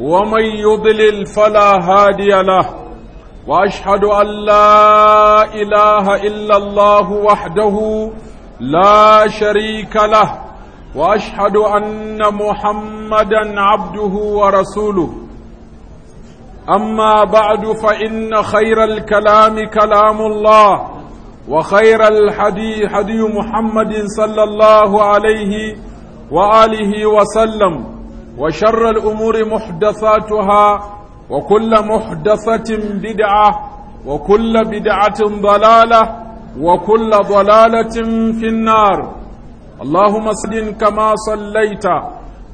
ومن يضلل فلا هادي له واشهد ان لا اله الا الله وحده لا شريك له واشهد ان محمدا عبده ورسوله اما بعد فان خير الكلام كلام الله وخير الحديث حديث محمد صلى الله عليه واله وسلم وشر الأمور محدثاتها وكل محدثة بدعة وكل بدعة ضلالة وكل ضلالة في النار اللهم صل كما صليت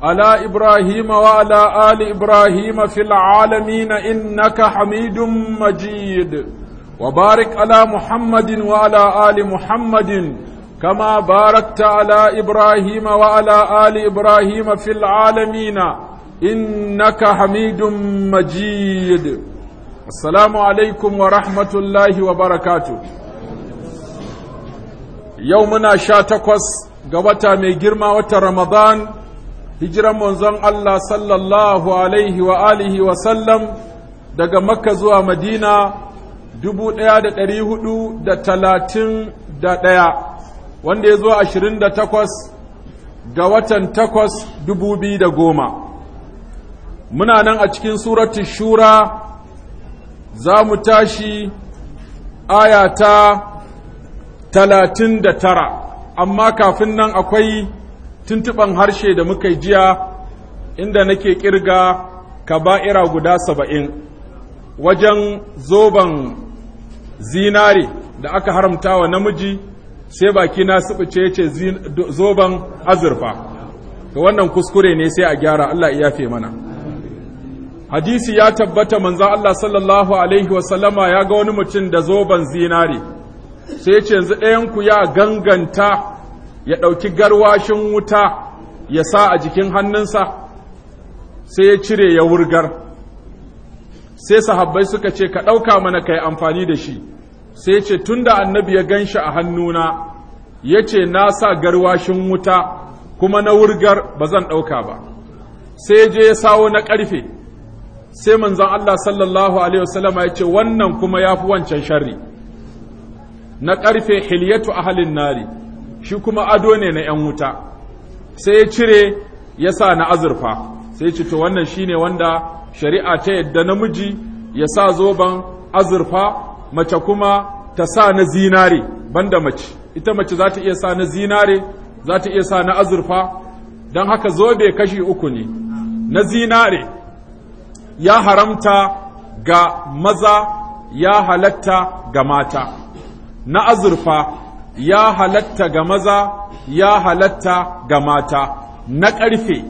على إبراهيم وعلى آل إبراهيم في العالمين إنك حميد مجيد وبارك على محمد وعلى آل محمد كما باركت على إبراهيم وعلى آل إبراهيم في العالمين إنك حميد مجيد السلام عليكم ورحمة الله وبركاته يومنا شاتكوس قوتا ميجرما وترمضان هجرا منزل الله صلى الله عليه وآله وسلم daga makka zuwa madina dubu ɗaya da ɗari hudu da talatin da ɗaya wanda ya zo 28 ga watan da goma. muna nan a cikin suratu shura za mu tashi aya ta 39 amma kafin nan akwai tuntuban harshe da muka jiya inda nake kirga kaba'ira guda saba'in wajen zoban zinare da aka haramta wa namiji sai baki na su ce zoban azurfa to wannan kuskure ne sai a gyara Allah ya yafe mana hadisi ya tabbata manzo Allah sallallahu alaihi wasallama ya ga wani mutum da zoban zinare sai yace ce yanzu ɗayan ku ya ganganta ya ɗauki garwashin wuta ya sa a jikin hannunsa sai ya cire ya wurgar sai sahabbai suka ce ka ɗauka mana ka yi amfani da shi sai ce tunda annabi ya gan shi a hannuna ya ce na sa garwashin wuta kuma na wurgar ba zan ɗauka ba sai je ya sawo na karfe sai manzon Allah sallallahu alaihi wasallama ya ce wannan kuma ya fi wancan sharri na ƙarfe hilyatu halin nari shi kuma ado ne na ‘yan wuta sai ya cire ya sa na azurfa sai ce to wannan shine wanda shari'a ta yadda namiji ya sa zoban azurfa mace kuma ta sa na zinare banda mace ita mace za ta iya sa na zinare za ta iya sa na azurfa don haka zobe kashi uku ne na zinare ya haramta ga maza ya halatta ga mata na azurfa ya halatta ga maza ya halatta ga mata na ƙarfe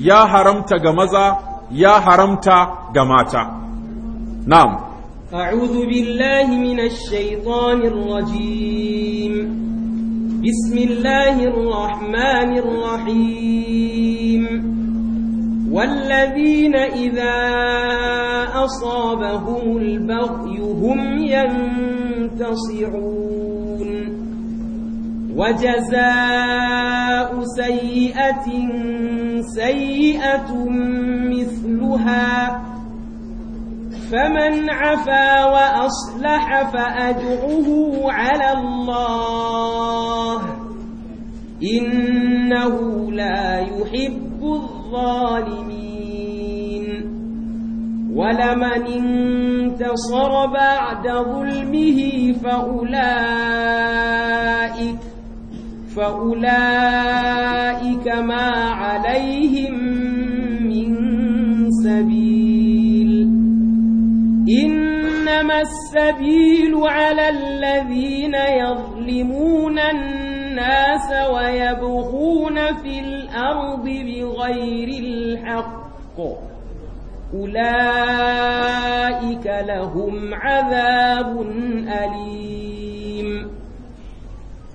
ya haramta ga maza ya haramta ga mata na'am أعوذ بالله من الشيطان الرجيم بسم الله الرحمن الرحيم والذين إذا أصابهم البغي هم ينتصرون وجزاء سيئة سيئة مثلها فمن عفا وأصلح فأجره على الله إنه لا يحب الظالمين ولمن انتصر بعد ظلمه فأولئك فأولئك ما عليهم إنما السبيل على الذين يظلمون الناس ويبغون في الأرض بغير الحق أولئك لهم عذاب أليم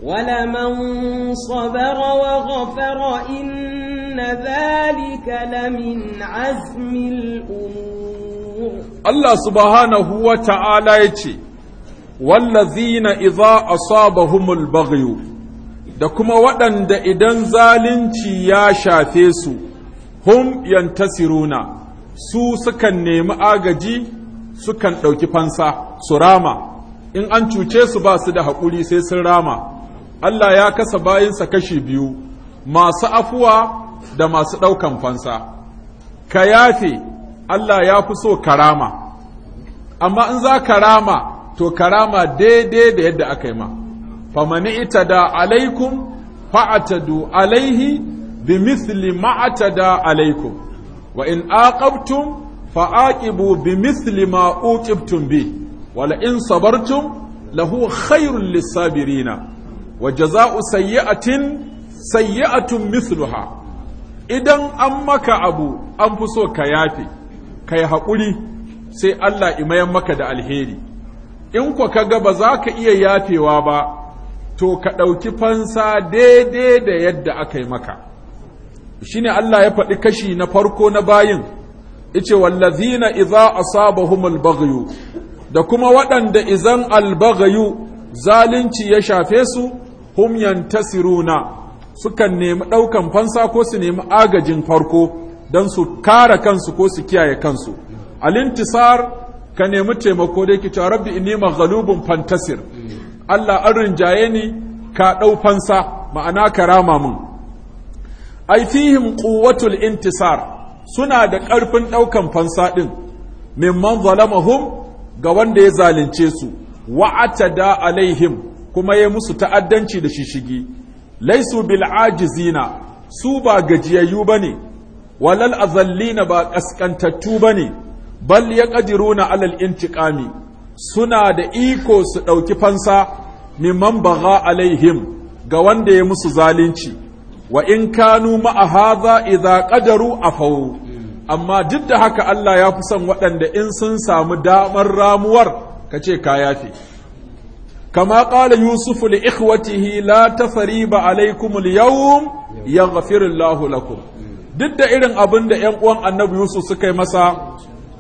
ولمن صبر وغفر إن ذلك لمن عزم الأمور Allah subhanahu wa ta'ala ya ce, Wallazina iza saba humul baghyu da kuma waɗanda idan zalunci ya shafe su, hum yantasiruna su sukan nemi agaji sukan ɗauki fansa, su rama, in an cuce su ba su da haƙuri sai sun rama. Allah ya kasa bayansa kashi biyu, masu afuwa da masu ɗaukan fansa. Ka yafe Allah ya fi so karama amma in za karama to karama daidai da yadda aka yi ma famani ita da alaikum fa'atadu alaihi bi misli ma'atada alaikum wa in aqabtum fa'aƙibu bi misli ma bi wala in sabartum lahu khairul lisabirina wa jaza'u sayyi'atin sayyi'atun misluha idan an maka abu an fi so ka yafi ka yi haƙuri sai Allah imayen maka da alheri in ku ka ga ba za ka iya yafewa ba to ka ɗauki fansa daidai da yadda aka yi maka shi Allah ya faɗi kashi na farko na bayin ice wallazina iza asabahum bagayu? da kuma waɗanda izan albagayu zalunci ya shafe su hum yantasiruna sukan nemi ɗaukan fansa ko su nemi agajin farko don su kare kansu ko su kiyaye kansu alintisar ka nemi taimako da yake cewa rabbi inni maghlubun fantasir Allah an rinjaye ni ka dau fansa ma'ana karama mun ai fihim quwwatul intisar suna da ƙarfin ɗaukan fansa ɗin mimman zalamahum ga wanda ya zalunce su wa'atada alaihim kuma ya musu ta'addanci da shishigi laisu bil ajizina su ba gajiyayyu bane walal azallina ba ba ne, bal ya na alal intiƙami suna da iko su ɗauki fansa mimman bagha alaihim ga wanda ya musu zalunci wa in kanu ma'a hadha idza qadaru afau amma duk da haka Allah ya fi son waɗanda in sun samu damar ramuwar kace ka yafe كما yusuf يوسف لإخوته لا تثريب عليكم اليوم يغفر الله lakum duk da irin abin da ‘yan uwan annabi Yusuf suka yi masa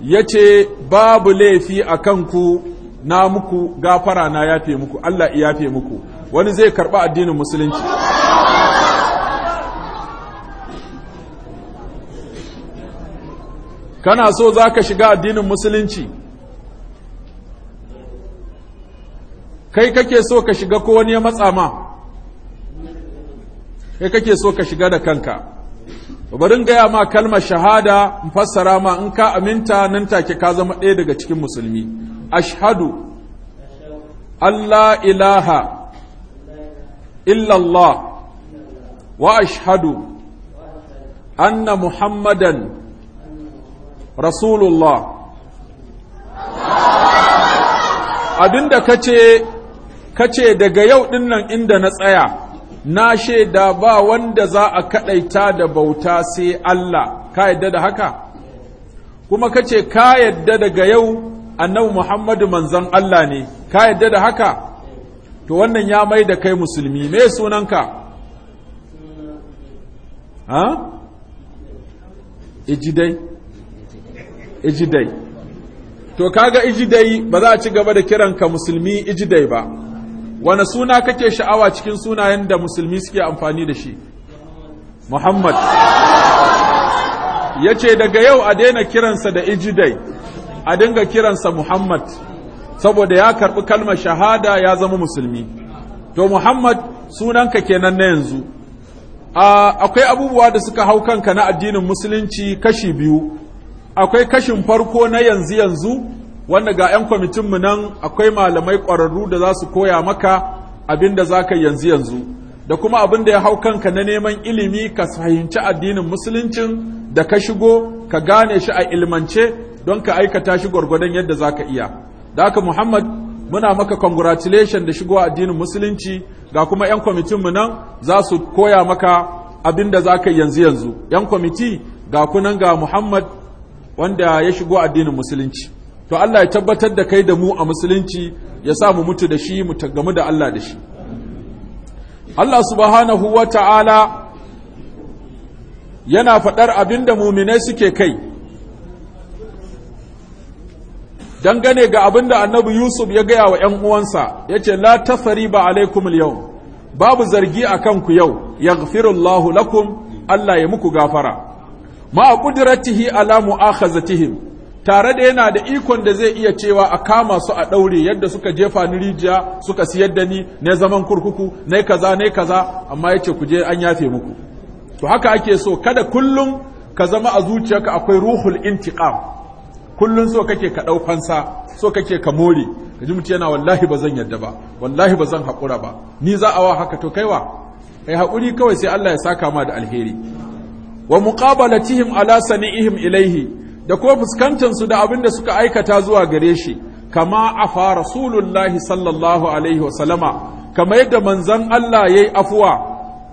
ya ce babu laifi a kanku na muku gafara na yafe muku Allah ya yafe muku wani zai karɓa addinin musulunci kana so za ka shiga addinin musulunci kai kake so ka shiga ko wani ya matsa ma kai kake so ka shiga da kanka barin gaya ma kalmar shahada in fassara ma in ka aminta nan take ka zama ɗaya daga cikin musulmi ashadu Allah ilaha illallah wa ashadu anna muhammadan rasulullah abinda kace daga yau dinnan inda na tsaya na shaida ba wanda za a kaɗaita da bauta sai Allah ka yadda da haka kuma ka ce ka yadda daga yau annabi Muhammadu manzon Allah ne ka yadda da haka to wannan ya mai da kai musulmi me sunanka ha ijidai ijidai to kaga ijidai ba za a ci gaba da kiranka musulmi ijidai ba wani suna kake sha'awa cikin sunayen da musulmi suke amfani da shi muhammad ya ce daga yau a daina kiransa da ijidai a dinga kiransa muhammad saboda ya karɓi kalmar shahada ya zama musulmi to muhammad sunanka kenan na yanzu akwai abubuwa da suka hau kanka na addinin musulunci kashi biyu akwai kashin farko na yanzu yanzu wanda ga 'yan kwamitinmu nan akwai malamai ƙwararru da za su koya maka abin da za ka yanzu yanzu da kuma abin da ya hau kanka na neman ilimi ka fahimci addinin musuluncin da ka shigo ka gane shi a ilmance don ka aikata shi gwargwadon yadda za ka iya da haka muhammad muna maka congratulation da shigo addinin musulunci ga kuma 'yan kwamitinmu nan za su koya maka abin da za ka yanzu yanzu 'yan kwamiti ga kunan ga muhammad wanda ya shigo addinin musulunci to Allah ya tabbatar da kai da mu a musulunci ya sa mu mutu da shi mu tagamu da Allah da shi Allah subhanahu wa ta'ala yana faɗar abin da muminai suke kai dangane ga abin da annabi Yusuf ya gaya wa ‘yan uwansa ya ce, La tafari ba alaikum yau, babu zargi a kanku yau, ya lakum Allah ya muku gafara, ma a ala mu'akhazatihim tare da yana da ikon da zai iya cewa a kama su a ɗaure yadda suka jefa ni rijiya suka siyar da ni na zaman kurkuku na kaza na kaza amma ya ce ku an yafe muku to haka ake so kada kullum ka zama a ka akwai ruhul intiqam kullum so kake ka ɗaukansa? fansa so kake ka more ka ji mutu yana wallahi ba zan yadda ba wallahi ba zan haƙura ba ni za a wa haka to kaiwa kai haƙuri kawai sai Allah ya saka ma da alheri wa muqabalatihim ala sani'ihim ilaihi da ko fuskantansu da abin da suka aikata zuwa gare shi kama a afa rasulullahi sallallahu alaihi wasallama kama yadda manzon Allah yayi afuwa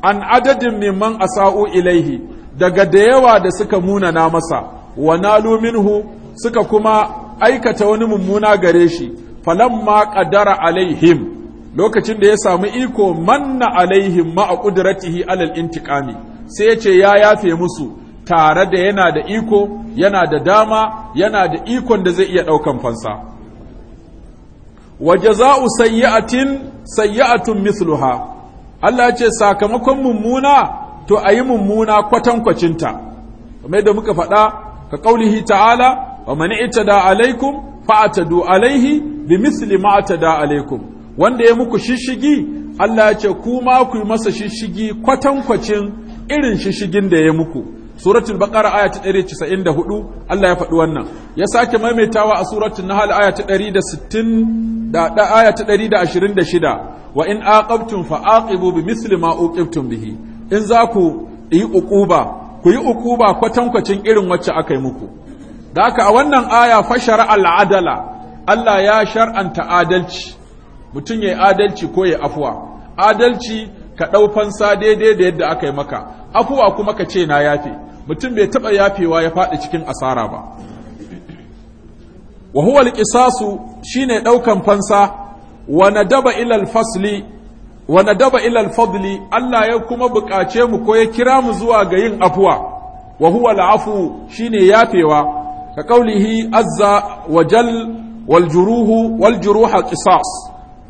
an adadin mimman asa'u ilaihi daga da yawa da suka muna na masa wa nalu minhu suka kuma aikata wani mummuna gare shi falamma qadara alaihim lokacin da ya samu iko manna alaihim ma'a qudratihi alal intiqami sai ya ce ya yafe musu tare da yana da iko yana da dama yana da ikon da zai iya ɗaukan fansa wa jaza'u sayyatin sayyi'atun mithluha Allah ya ce sakamakon mummuna to ayi mummuna kwatankwacinta kamar da muka faɗa ka qaulihi ta'ala wa man itada alaikum fa'tadu alaihi bimithli ma atada alaikum wanda ya muku shishigi Allah ya ce kuma ku yi masa shishigi kwatankwacin irin shishigin da ya muku suratul baqara aya ta 194 Allah ya faɗi wannan ya sake maimaitawa a suratul nahl aya ta 160 da aya ta 126 wa in aqabtum fa aqibu misli ma uqibtum bihi in za ku yi uquba ku yi uquba kwatankwacin irin wacce aka yi muku da haka a wannan aya fashara al'adala Allah ya shar'anta adalci mutum yayi adalci ko ya afuwa adalci ka ɗau fansa daidai da yadda aka yi maka afuwa kuma ka ce na yafe mutum bai taɓa yafewa ya faɗi cikin asara ba wa huwa shi shine ɗaukan fansa wa daba ilal fasli wa daba ilal fadli Allah ya kuma buƙace mu ko ya kira mu zuwa ga yin afuwa wa huwa al'afu shine yafewa ka qaulihi azza wa jal wal juruhu wal juruha qisas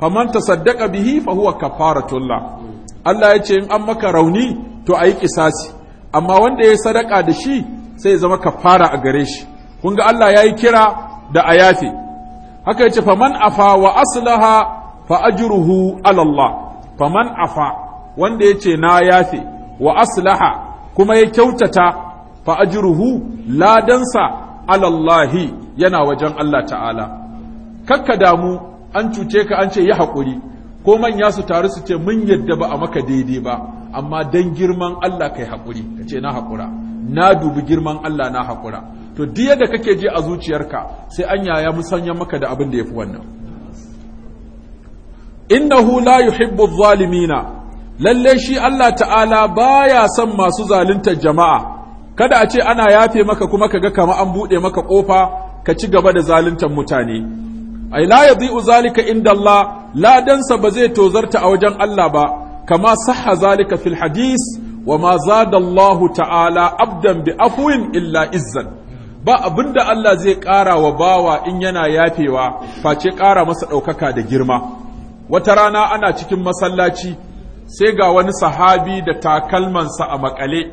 faman tasaddaqa bihi fa huwa kafaratullah Allah ya ce in an maka rauni to a yi kisasi amma wanda ya sadaka da shi sai ya zama kafara a gare shi kun ga Allah ya yi kira da a yafe haka ya ce faman afa wa aslaha fa ajruhu ala Allah faman afa wanda ya ce na yafe wa aslaha kuma ya kyautata fa ajruhu ladansa ala Allah yana wajen Allah ta'ala kakka damu an cuce ka an ce yi haƙuri ko manya su taru su ce mun yadda ba a maka daidai ba amma dan girman Allah kai haƙuri ka ce na haƙura na dubi girman Allah na haƙura to duk yadda kake je a zuciyarka sai an yaya musanya maka da abin da yafi wannan innahu la yuhibbu zalimina lalle shi Allah ta'ala baya son masu zalunta jama'a kada a ce ana yafe maka kuma kaga kama an buɗe maka ƙofa ka ci gaba da zaluntar mutane ai la yadhi'u zalika inda Allah ladansa ba zai tozarta a wajen Allah ba kama sahha zalika fil hadis wa ma zada ta'ala abdan bi afwin illa izzan ba abinda Allah zai ƙara wa bawa in yana yafewa face ƙara masa ɗaukaka da girma wata rana ana cikin masallaci sai ga wani sahabi da takalmansa a makale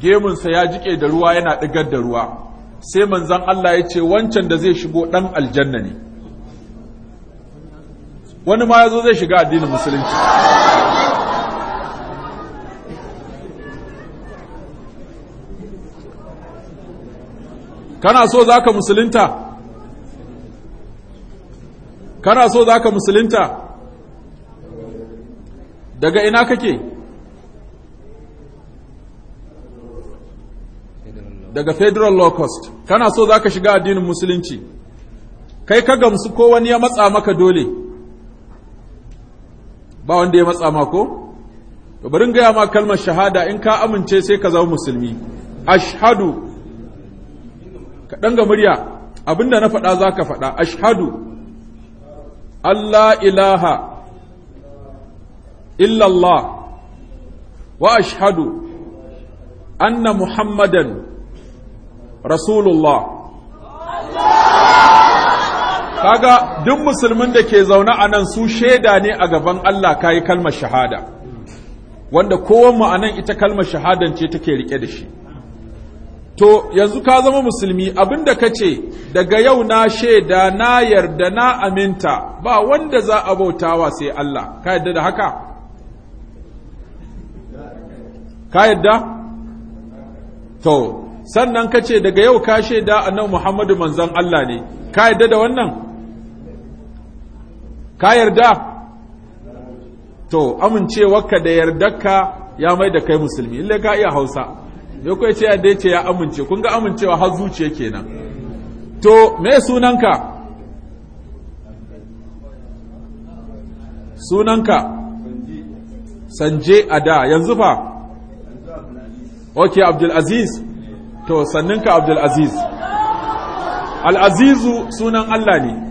gemunsa ya jike da ruwa yana ɗigar da ruwa sai manzon Allah ya ce wancan da zai shigo ɗan aljanna ne wani ma ya zo zai shiga addinin musulunci kana so za ka musulunta kana so za ka musulunta daga ina kake daga federal law cost kana so za ka shiga addinin musulunci kai ka gamsu ko wani ya matsa maka dole ba wanda ya matsa ma ko to bari ga ma kalmar shahada in ka amince sai ka zama musulmi ashhadu ka danga murya abinda na faɗa zaka ka faɗa ashhadu Allah ilaha illallah wa ashhadu anna muhammadan rasulullah kaga duk musulmin da ke zaune a nan su shaida ne a gaban Allah ka yi kalmar shahada wanda kowan mu anan ita kalmar shahadan ce take rike da shi to yanzu ka zama musulmi abinda ka ce daga yau na shaida na yarda na aminta ba wanda za a bautawa sai Allah ka yarda da haka ka yarda to sannan ka ce daga yau ka shaida a nan Muhammadu manzon Allah ne ka yarda da wannan ka yarda to amincewarka da yardarka ya mai da kai musulmi ille ka iya hausa ya kuwa ce yadda ya ce ya amince kun ga amincewa har zuciya kenan to me sunanka sunanka sanje a da yanzu fa ok abdulaziz to sanninka abdulaziz al'azizu sunan allah ne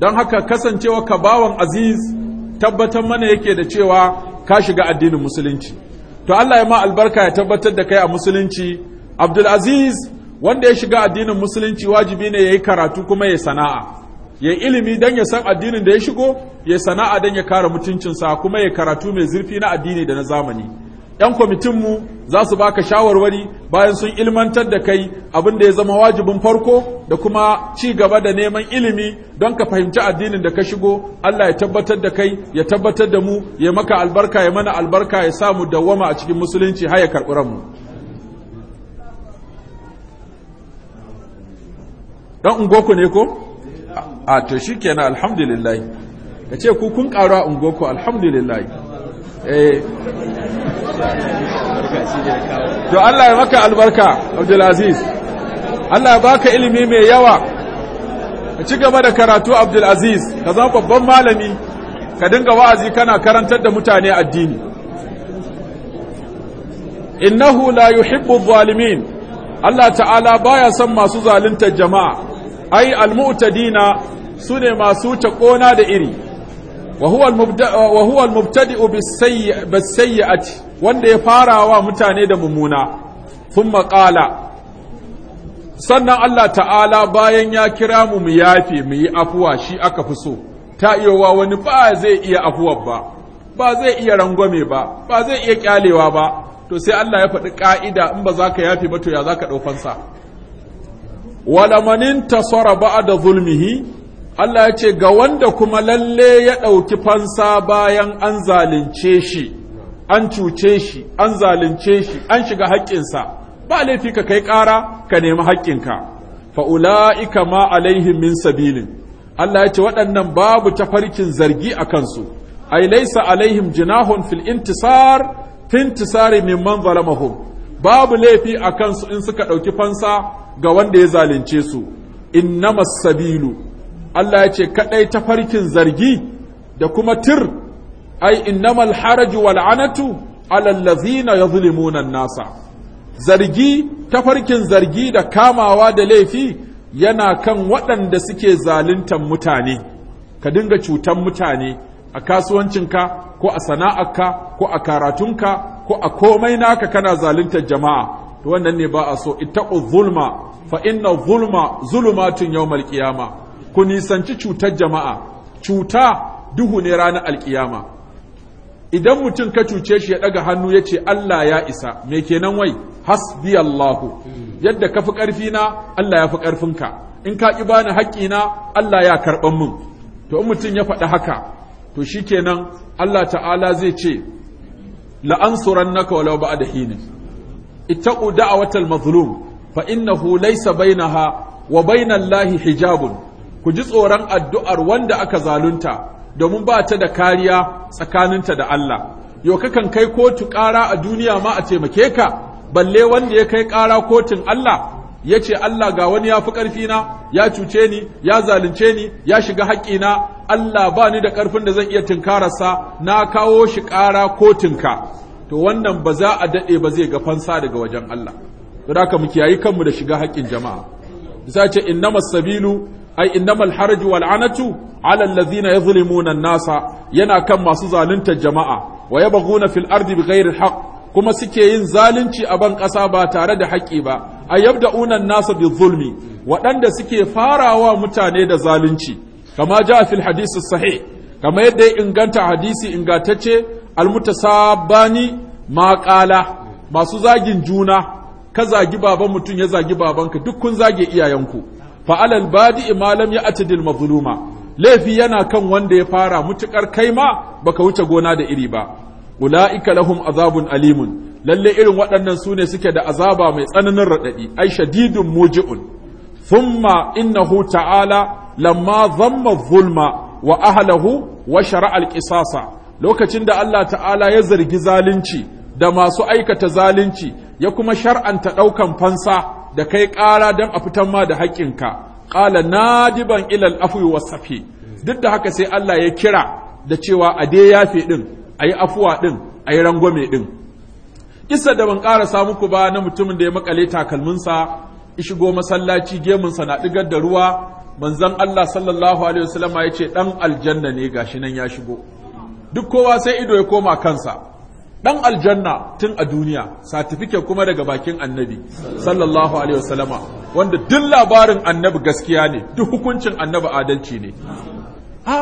don haka kasancewa ka bawan aziz tabbatar mana yake da cewa ka shiga addinin musulunci to Allah ya ma albarka ya tabbatar da kai a musulunci Abdul Aziz wanda ya shiga addinin musulunci wajibi ne yayi karatu kuma ya sana'a ya ilimi don ya san addinin da ya shigo ya sana'a dan ya kare mutuncinsa kuma ya karatu mai zurfi na addini da na zamani yan kwamitin mu za su baka shawarwari bayan sun ilmantar da kai abin da ya zama wajibin farko da kuma ci gaba da neman ilimi don ka fahimci addinin da ka shigo Allah ya tabbatar da kai ya tabbatar da mu ya maka albarka ya mana albarka ya samu dawwama a cikin musulunci har ya karɓi ranmu dan ungoku ne ko a to shikenan alhamdulillah kace ku kun a ungoku alhamdulillah Eh. to Allah ya maka albarka abdul Aziz. Allah ya baka ilimi mai yawa ka ci gaba da karatu abdul Abdulaziz ka zama babban malami ka dinga wa'azi kana karantar da mutane addini innahu la yuhibbu adh Allah ta'ala baya son masu zalunta jama'a ai al-mu'tadina sune masu ta da iri wa huwa al-mubtadi'u bis-sayyi'ati wanda ya wa mutane da mummuna thumma qala sannan Allah ta'ala bayan ya kira mu mu yafe mu yi afuwa shi aka fi so ta iyowa wani ba zai iya afuwa ba ba zai iya rangwame ba ba zai iya ƙyalewa ba to sai Allah ya faɗi ƙa'ida in ba za ka yafe ba to ya za ka ɗaukansa wala manin tasara ba da zulmihi Allah ya ce ga wanda kuma lalle ya ɗauki fansa bayan an zalunce shi an cuce shi an zalunce shi an shiga haƙƙinsa ba laifi ka kai ƙara ka nemi haƙƙinka fa'ula'ika ma alaihim min sabilin Allah ya ce waɗannan babu tafarkin zargi a kansu ai laisa alaihim jinahun fil intisar fintisari man zalamahum babu laifi a kansu in suka ɗauki fansa ga wanda ya zalunce su innama sabilu Allah ya ce kadai farkin zargi da kuma tir ai innamal haraju wal anatu ala allazina nasa zargi ta farkin zargi da kamawa da laifi yana kan waɗanda suke zaluntan mutane ka dinga cutan mutane a kasuwancinka ko a sana'arka ko a karatunka ko a komai naka kana zaluntar jama'a to wannan ne ba a so ittaqu zulma fa inna zulma zulumatun yawmal qiyamah ku nisanci cutar jama'a cuta duhu ne ranar alkiyama idan mutum ka cuce shi ya daga hannu ya ce Allah ya isa me kenan wai hasbi Allahu yadda ka fi ƙarfi na Allah ya fi ƙarfinka in ka ƙi bani haƙƙina Allah ya karɓan min to in mutum ya faɗi haka to shi kenan Allah ta'ala zai ce da walau ita ƙuda ittaqu watan mazlum fa innahu laysa bainaha wa bainallahi hijabun ku ji tsoron addu'ar wanda aka zalunta domin ba ta da kariya tsakaninta da Allah yau kakan kai kotu ƙara a duniya ma a taimake ka balle wanda ya kai ƙara kotun Allah ya ce Allah ga wani ya fi ƙarfina ya cuce ni ya zalunce ni ya shiga haƙƙina Allah ba ni da ƙarfin da zan iya tunkararsa na kawo shi ƙara kotunka to wannan ba za a daɗe ba zai ga fansa daga wajen Allah. Saboda haka mu kiyayi kanmu da shiga haƙƙin jama'a. Bisa ce innamas sabilu ai innamal haraju wal anatu ala allazina yadhlimuna an-nasa yana kan masu zalunta jama'a wa yabghuna fil ardi bighairi al-haq kuma suke yin zalunci a ban ƙasa ba tare da haƙƙi ba a yabda'una an-nasa zulmi. waɗanda suke farawa mutane da zalunci kama ja fil hadisi sahih kama yadda ya inganta hadisi ingantacce almutasabbani maƙala masu zagin juna ka zagi baban mutum ya zagi babanka duk kun zage iyayenku fa'alal badi ma ya ya'tidil mazluma laifi yana kan wanda ya fara mutukar kai ma baka wuce gona da iri ba ulaika lahum azabun alimun lalle irin waɗannan sune suke da azaba mai tsananin raɗaɗi. ai shadidun muji'un inna innahu ta'ala lamma dhamma zulma wa ahlahu wa shara'a ƙisasa lokacin da Allah ta'ala ya zargi zalunci da masu aikata zalunci ya kuma shar'anta ɗaukan fansa da kai ƙara don a fitan ma da haƙƙinka ƙala na nadiban ilal afwi wasafi duk da haka sai Allah ya kira da cewa a dai yafe ɗin a yi afuwa ɗin a yi rangwame ɗin. ƙisa da ban ƙarasa muku ba na mutumin da ya makale takalminsa shigo masallaci gemunsa na ɗigar da ruwa manzon Allah sallallahu alaihi wasallama ya ce ɗan aljanna ne gashi nan ya shigo duk kowa sai ido ya koma kansa dan aljanna tun a duniya satifike kuma daga bakin annabi sallallahu alaihi wasallama wanda duk labarin annabi gaskiya ne duk hukuncin annabi adalci ne ha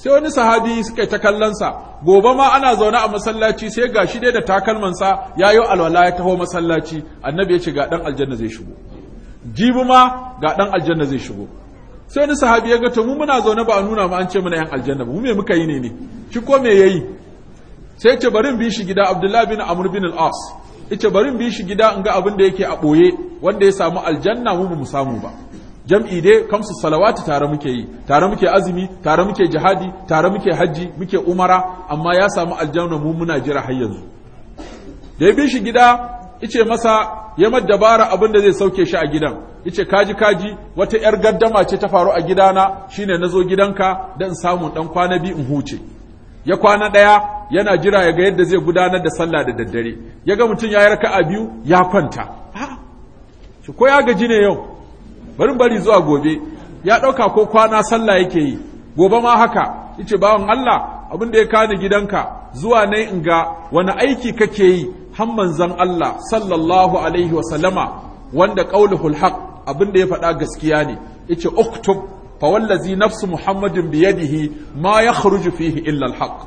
sai wani sahabi suka yi ta kallonsa gobe ma ana zaune a masallaci sai ga shi dai da takalmansa ya yi alwala ya taho masallaci annabi ya ce ga ɗan aljanna zai shigo jibi ma ga ɗan aljanna zai shigo sai wani sahabi ya ga to mu muna zaune ba a nuna mu an ce muna yan aljanna ba mu me muka yi ne ne shi ko me yayi sai ce barin bi shi gida abdullahi bin amr bin al-as ita barin bi shi gida in ga abin da yake a ɓoye wanda ya samu aljanna mu ba mu samu ba jam'i dai kamsu salawati tare muke yi tare muke azumi tare muke jihadi tare muke hajji muke umara amma ya samu aljanna mu muna jira har yanzu da ya bi shi gida ice masa ya dabara abin da zai sauke shi a gidan ice kaji kaji wata yar gaddama ce ta faru a gidana shine nazo gidanka dan samu ɗan kwana bi in huce ya kwana ɗaya yana jira ya ga yadda zai gudanar da sallah da daddare ya ga mutum ya yi a biyu ya kwanta ah, shi ko ya gaji ne yau bari bari zuwa gobe ya ɗauka ko kwana sallah yake yi gobe ma haka yace bawan Allah abin da ya kani gidanka zuwa ne in ga wani aiki kake yi har manzon Allah sallallahu alaihi wa sallama wanda qauluhul haq abin da ya faɗa gaskiya ne yace uktub fa wallazi nafsu muhammadin biyadihi ma yakhruju fihi illa alhaq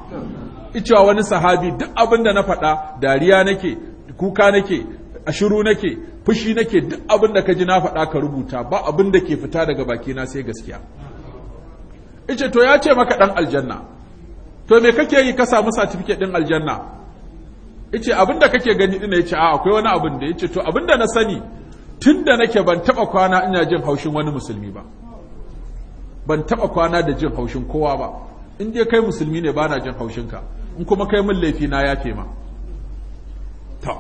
icewa wani sahabi duk abin da na faɗa dariya nake kuka nake ashiru nake fushi nake duk abin da na faɗa ka rubuta ba abin da ke fita daga bakina sai gaskiya ice to ya ce maka dan aljanna to me kake yi ka samu certificate ɗin aljanna ice abin da kake gani din ya a akwai wani abin da ya to abin da na sani tun da nake ban taɓa kwana ina jin haushin wani musulmi ba ban taba kwana da jin haushin kowa ba in dai kai musulmi ne ba na jin ka. in kuma kai min laifi na yafe ma ta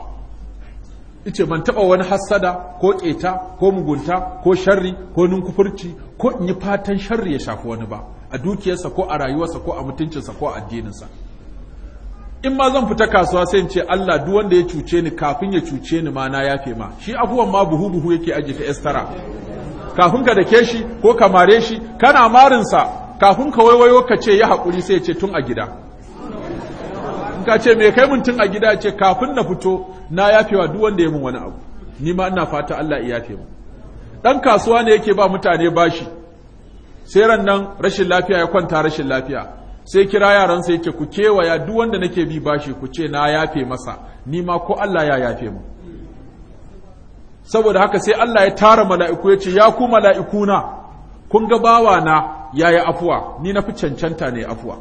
ice ban taɓa wani hassada ko ƙeta ko mugunta ko sharri ko ninkufurci ko in yi fatan sharri ya shafi wani ba a dukiyarsa ko a rayuwarsa ko a mutuncinsa ko a addininsa in ma zan fita kasuwa sai in ce Allah duk wanda ya cuce ni kafin ya cuce ni ma na yafe ma shi afuwan ma buhu buhu yake aje ta estara kafin ka dake shi ko ka mare shi kana marinsa kafin ka waiwayo ka ce ya hakuri sai ce tun a gida in ka ce me kai mun tun a gida ce kafin na fito na yafewa duk wanda ya mun wani abu ni ma ina fata Allah ya yafe mu dan kasuwa ne yake ba mutane bashi sai ran nan rashin lafiya ya kwanta rashin lafiya sai kira yaran sai yake ku kewaya duk wanda nake bi bashi ku ce na yafe masa ni ma ko Allah ya yafe mu saboda haka sai Allah ya tara mala'iku ya ce ya ku mala'ikuna kun gabawa na ya yi afuwa ni na fi cancanta ne afuwa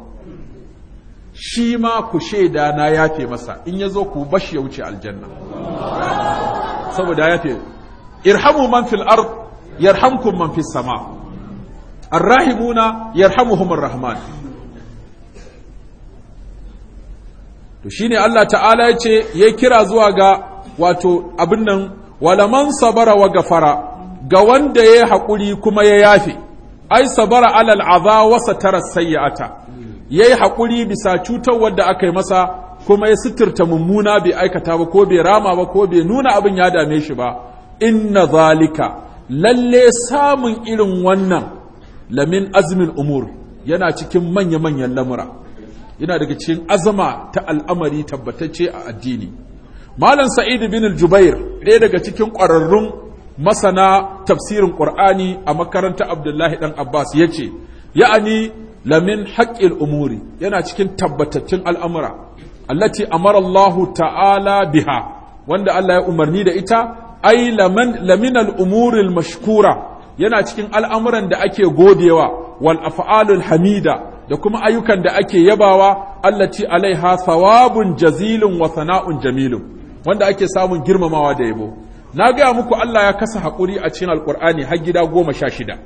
shi ma ku shaida na yafe masa in ya zo ku bashi ya wuce aljanna saboda ya fi, irhamu man fil ard yarhamkum man fi sama arrahimuna humar rahman. to shi ne Allah ta'ala ya ce ya kira zuwa ga wato abin nan Wala man sabara wa gafara ga wanda ya haƙuri kuma ya yafe ai sabara alal aza wasa tara sayyata yayi haƙuri bisa cutar wadda aka yi masa kuma ya suturta mummuna bai aikata ba ko bai rama ba ko bai nuna abin ya dame shi ba inna zalika lalle samun irin wannan lamin azmin umur yana cikin manya-manyan lamura yana daga cikin azama ta al'amari tabbatacce a addini malam sa'id bin jubair ɗaya daga cikin ƙwararrun masana tafsirin ƙur'ani a makaranta abdullahi ɗan abbas ya ce ya'ani lamin haƙƙil umuri yana cikin tabbataccen al'amura allati amarallahu ta'ala biha wanda Allah ya umarni da ita ai lamin al'umuril mashkura yana cikin al'amuran da ake godewa wal af'alul hamida da kuma ayyukan da ake yabawa allati alaiha thawabun jazilun wa sana'un jamilun wanda ake samun girmamawa da yabo na gaya muku Allah ya kasa haƙuri a cikin alƙur'ani har gida goma sha shida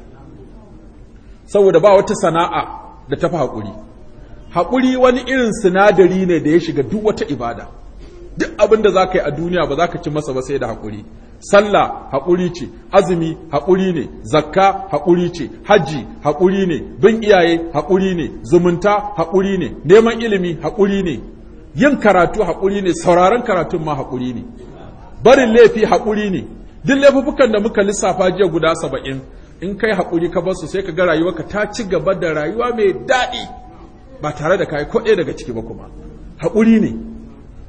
saboda ba wata sana'a da tafi haƙuri haƙuri wani irin sinadari ne da ya shiga duk wata ibada duk abin da za ka yi a duniya ba za ka ci masa ba sai da haƙuri sallah haƙuri ce azumi haƙuri ne zakka haƙuri ce hajji haƙuri ne bin iyaye haƙuri ne zumunta haƙuri ne neman ilimi haƙuri ne yin karatu haƙuri ne sauraron karatun ma haƙuri ne barin laifi haƙuri ne duk laifukan da muka lissafa jiya guda saba'in in kai haƙuri ka basu sai ka ga rayuwarka ta ci gaba da rayuwa mai daɗi ba tare da kayi ko ɗaya daga ciki ba kuma haƙuri ne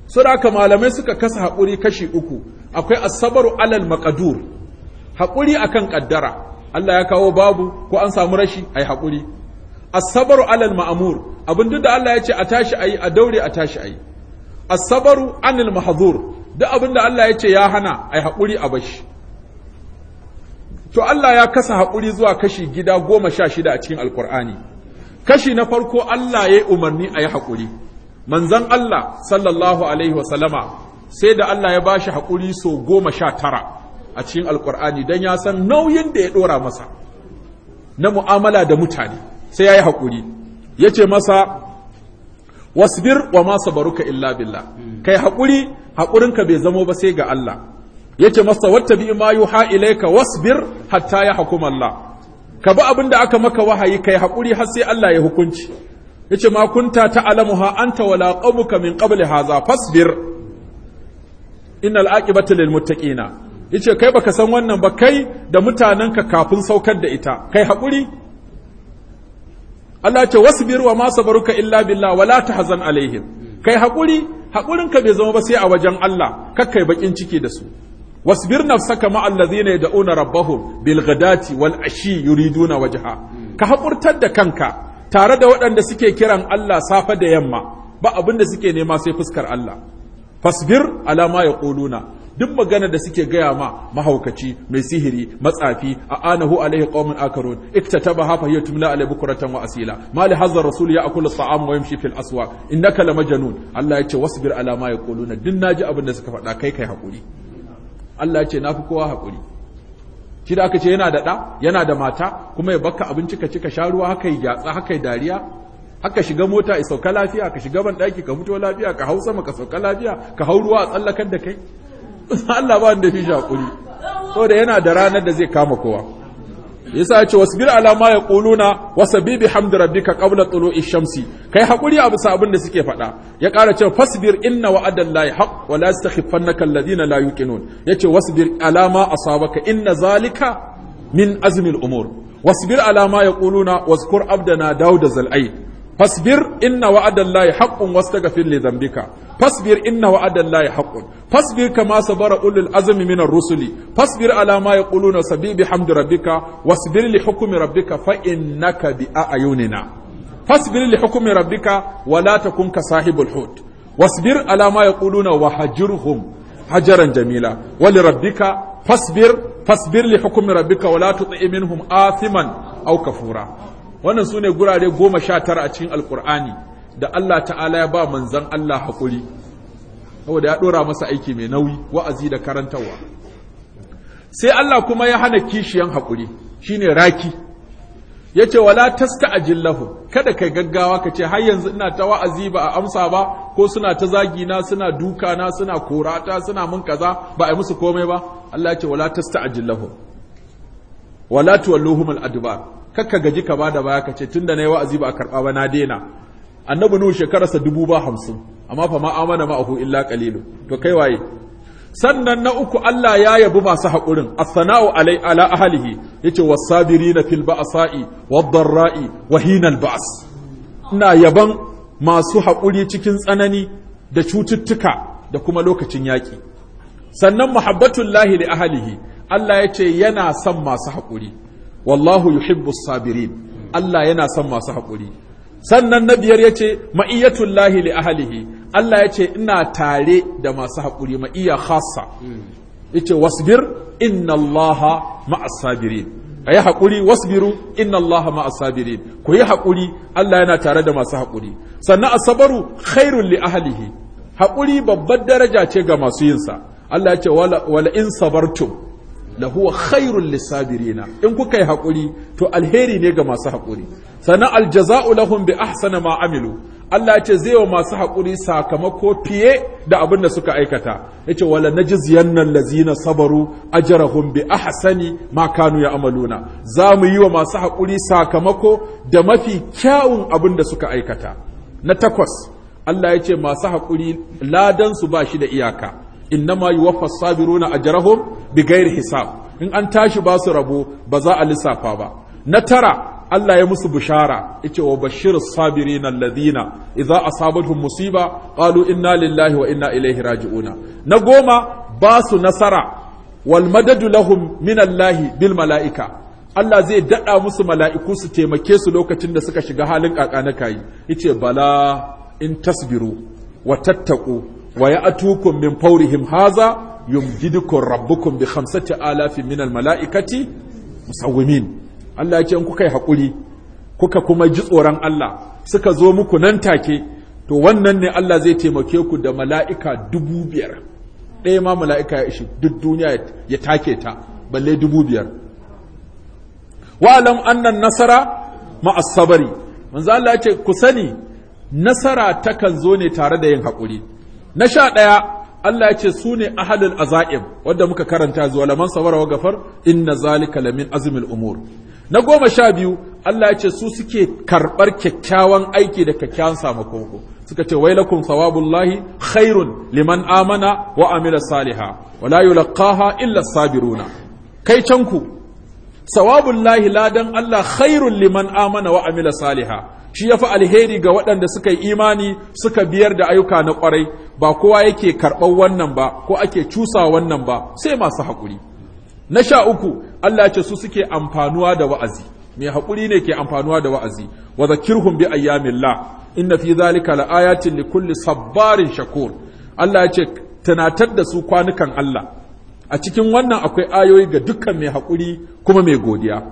so da haka malamai suka kasa haƙuri kashi uku akwai asabaru alal Maƙadur. haƙuri akan ƙaddara Allah ya kawo babu ko an samu rashi ai haƙuri asabaru alal ma'mur abin duk da Allah ya ce a tashi ayi a daure a tashi ayi as anil mahzur duk abin da Allah ya ce ya hana ai hakuri a bashi to Allah ya kasa hakuri zuwa kashi gida goma sha shida a cikin alkur'ani kashi na farko Allah ya yi umarni a yi hakuri manzon Allah sallallahu alaihi wa sallama sai da Allah ya bashi hakuri so goma sha tara a cikin alkur'ani don ya san nauyin da ya ɗora masa na mu'amala da mutane sai ya yi haƙuri ya ce masa wasbir wa masa baruka illa billah kai haƙuri haƙurinka bai zamo ba sai ga Allah ya ce masa wata bi ma yuha ilaika wasbir hatta ya hukuma Allah ka bi abin da aka maka wahayi kai haƙuri har sai Allah ya hukunci ya ce ta alamuha ta'lamuha anta wala qaumuka min qabli haza fasbir innal aqibata lil Ya yace kai baka san wannan ba kai da mutanenka kafin saukar da ita kai haƙuri Allah ce wasu wa ma baruka illa billah wala ta hazan alaihim kai haƙuri haƙurin ka bai zama ba sai a wajen Allah kakkai baƙin ciki da su wasbir nafsaka ma da una rabbahum bil ghadati wal ashi yuriduna wajha ka haƙurtar da kanka tare da waɗanda suke kiran Allah safe da yamma ba abin da suke nema sai fuskar Allah fasbir alama ya ƙuluna duk magana da suke gaya ma mahaukaci mai sihiri matsafi a anahu alaihi qaumun akarun iktataba hafa hiya tumla alai bukratan wa asila mali hazza rasul ya akula sa'am wa yamshi fil aswaq innaka majnun Allah ya ce wasbir ala ma yaquluna din naji abin da suka faɗa kai kai hakuri Allah yace ce nafi kowa hakuri shi da aka ce yana da ɗa yana da mata kuma ya baka abinci ka cika sha ruwa haka yi gyatsa haka yi dariya haka shiga mota isauka lafiya ka shiga ban ɗaki ka fito lafiya ka hau sama ka sauka lafiya ka hau ruwa a tsallakar da kai Allah ba wanda fi shakuri so da yana da ranar da zai kama kowa yasa ya ce wasu ya ala wasu yaquluna wasabbi bihamdi rabbika qabla tulu'i shamsi kai hakuri a bisa abin da suke faɗa ya ƙara cewa fasbir inna wa'adallahi haqq wa na yastakhifannaka alladhina la yuqinun yace wasbir ala ma asabaka inna zalika min azumin umur Wasu wasbir ala ma yaquluna na abdana da zal'aid fasbir inna wa'adallahi haqqun wastaghfir li dhanbika fasbir inna wa'adallahi haqqun fasbir kama sabara ulul azmi minar rusuli fasbir ala ma yaquluna sabibi hamdi rabbika wasbir li hukmi rabbika fa innaka bi ayunina fasbir li hukmi rabbika wa la takun ka sahibul hut wasbir ala ma yaquluna wahjurhum hajaran jamila wa li rabbika fasbir fasbir li hukmi rabbika wa la tuti minhum athiman aw kafura wannan su ne gurare goma sha tara a cikin alkur'ani da Allah ta'ala ya ba manzan Allah haƙuri saboda ya ɗora masa aiki mai nauyi wa'azi da karantarwa sai Allah kuma ya hana kishiyan haƙuri shine raki ya ce wala taska ajillahu kada kai gaggawa ka ce har yanzu ina ta wa'azi ba a amsa ba ko suna ta zagi na suna duka na suna korata suna mun kaza ba a musu komai ba Allah ya ce wala taska ajillahu wala tuwalluhum al-adbar kakka gaji ka bada baya ka ce tunda nayi wa'azi ba a karba ba na dena annabi nuhu shekararsa dubu ba hamsin amma fa ma amana ahu illa qalilu to kai waye sannan na uku Allah ya yabi masu haƙurin as-sana'u alai ala ahlihi yace was-sabirina fil ba'sa'i wad-dharra'i wa al ba's ina yaban masu haƙuri cikin tsanani da cututtuka da kuma lokacin yaƙi sannan muhabbatullahi li ahlihi Allah yace yana son masu haƙuri wallahu yuhibbu sabirin Allah yana son masu haƙuri sannan na biyar yace ma'iyyatullahi li ahlihi Allah yace ina tare da masu haƙuri ma'iya khassa yace wasbir inna Allaha ma'as sabirin ayi haƙuri wasbiru inna Allaha ma'as sabirin ku yi haƙuri Allah yana tare da masu haƙuri sannan asabaru khairul li ahlihi haƙuri babbar daraja ce ga masu yinsa Allah yace wala, wala in sabartum la huwa khairul lisabirina in kuka yi hakuri to alheri ne ga masu hakuri sanan' aljaza'u lahum bi ahsana ma amilu Allah ce zai wa masu hakuri sakamako fiye da abin da suka aikata yace wala najziyannal lazina sabaru ajrahum bi ahsani ma kanu ya'maluna za mu yi wa masu hakuri sakamako da mafi kyawun abin da suka aikata na takwas Allah ya ce masu hakuri ladan su ba shi da iyaka innama yuwaffa sabiruna ajrahum bighairi hisab in an tashi ba su rabo ba za a lissafa ba na tara Allah ya musu bishara yace wa bashir sabirin alladhina idza asabatuhum musiba qalu inna lillahi wa inna ilaihi raji'una na goma ba su nasara wal madadu lahum min bil malaika Allah zai dada musu mala'iku su taimake su lokacin da suka shiga halin kaka na kai yace bala in tasbiru wa tattaku wa ya'tukum min fawrihim haza yumjidukum rabbukum bi khamsati alafin min almalaikati musawwimin Allah ya ce in kuka yi hakuri kuka kuma ji tsoron Allah suka zo muku nan take to wannan ne Allah zai taimake ku da mala'ika dubu biyar ɗaya ma mala'ika ya ishi duk duniya ya take ta balle dubu biyar wa'alam annan nasara ma'asabari. sabari manzo Allah ku sani nasara takan zo ne tare da yin hakuri. na sha ɗaya Allah ya ce su ne ahalul azaim wanda muka karanta zuwa laman sabara wa gafar inna zalika lamin azmil umur na goma sha biyu Allah ya ce su suke karɓar kyakkyawan aiki da kyakkyawan sakamako suka ce wailakum sawabullahi khairun liman amana wa amila saliha wa la yulqaha illa sabiruna kai canku sawabullahi ladan Allah khairun liman amana wa amila saliha shi ya fi alheri ga waɗanda suka yi imani suka biyar da ayyuka na ƙwarai ba kowa yake karɓar wannan ba ko ake cusa wannan ba sai masu haƙuri na sha uku Allah ce su suke amfanuwa da wa'azi mai haƙuri ne ke amfanuwa da wa'azi wa zakirhum bi ayyamillah inna fi zalika laayatin li kulli sabbarin shakur Allah ce tunatar da su kwanukan Allah a cikin wannan akwai ayoyi ga dukkan mai haƙuri kuma mai godiya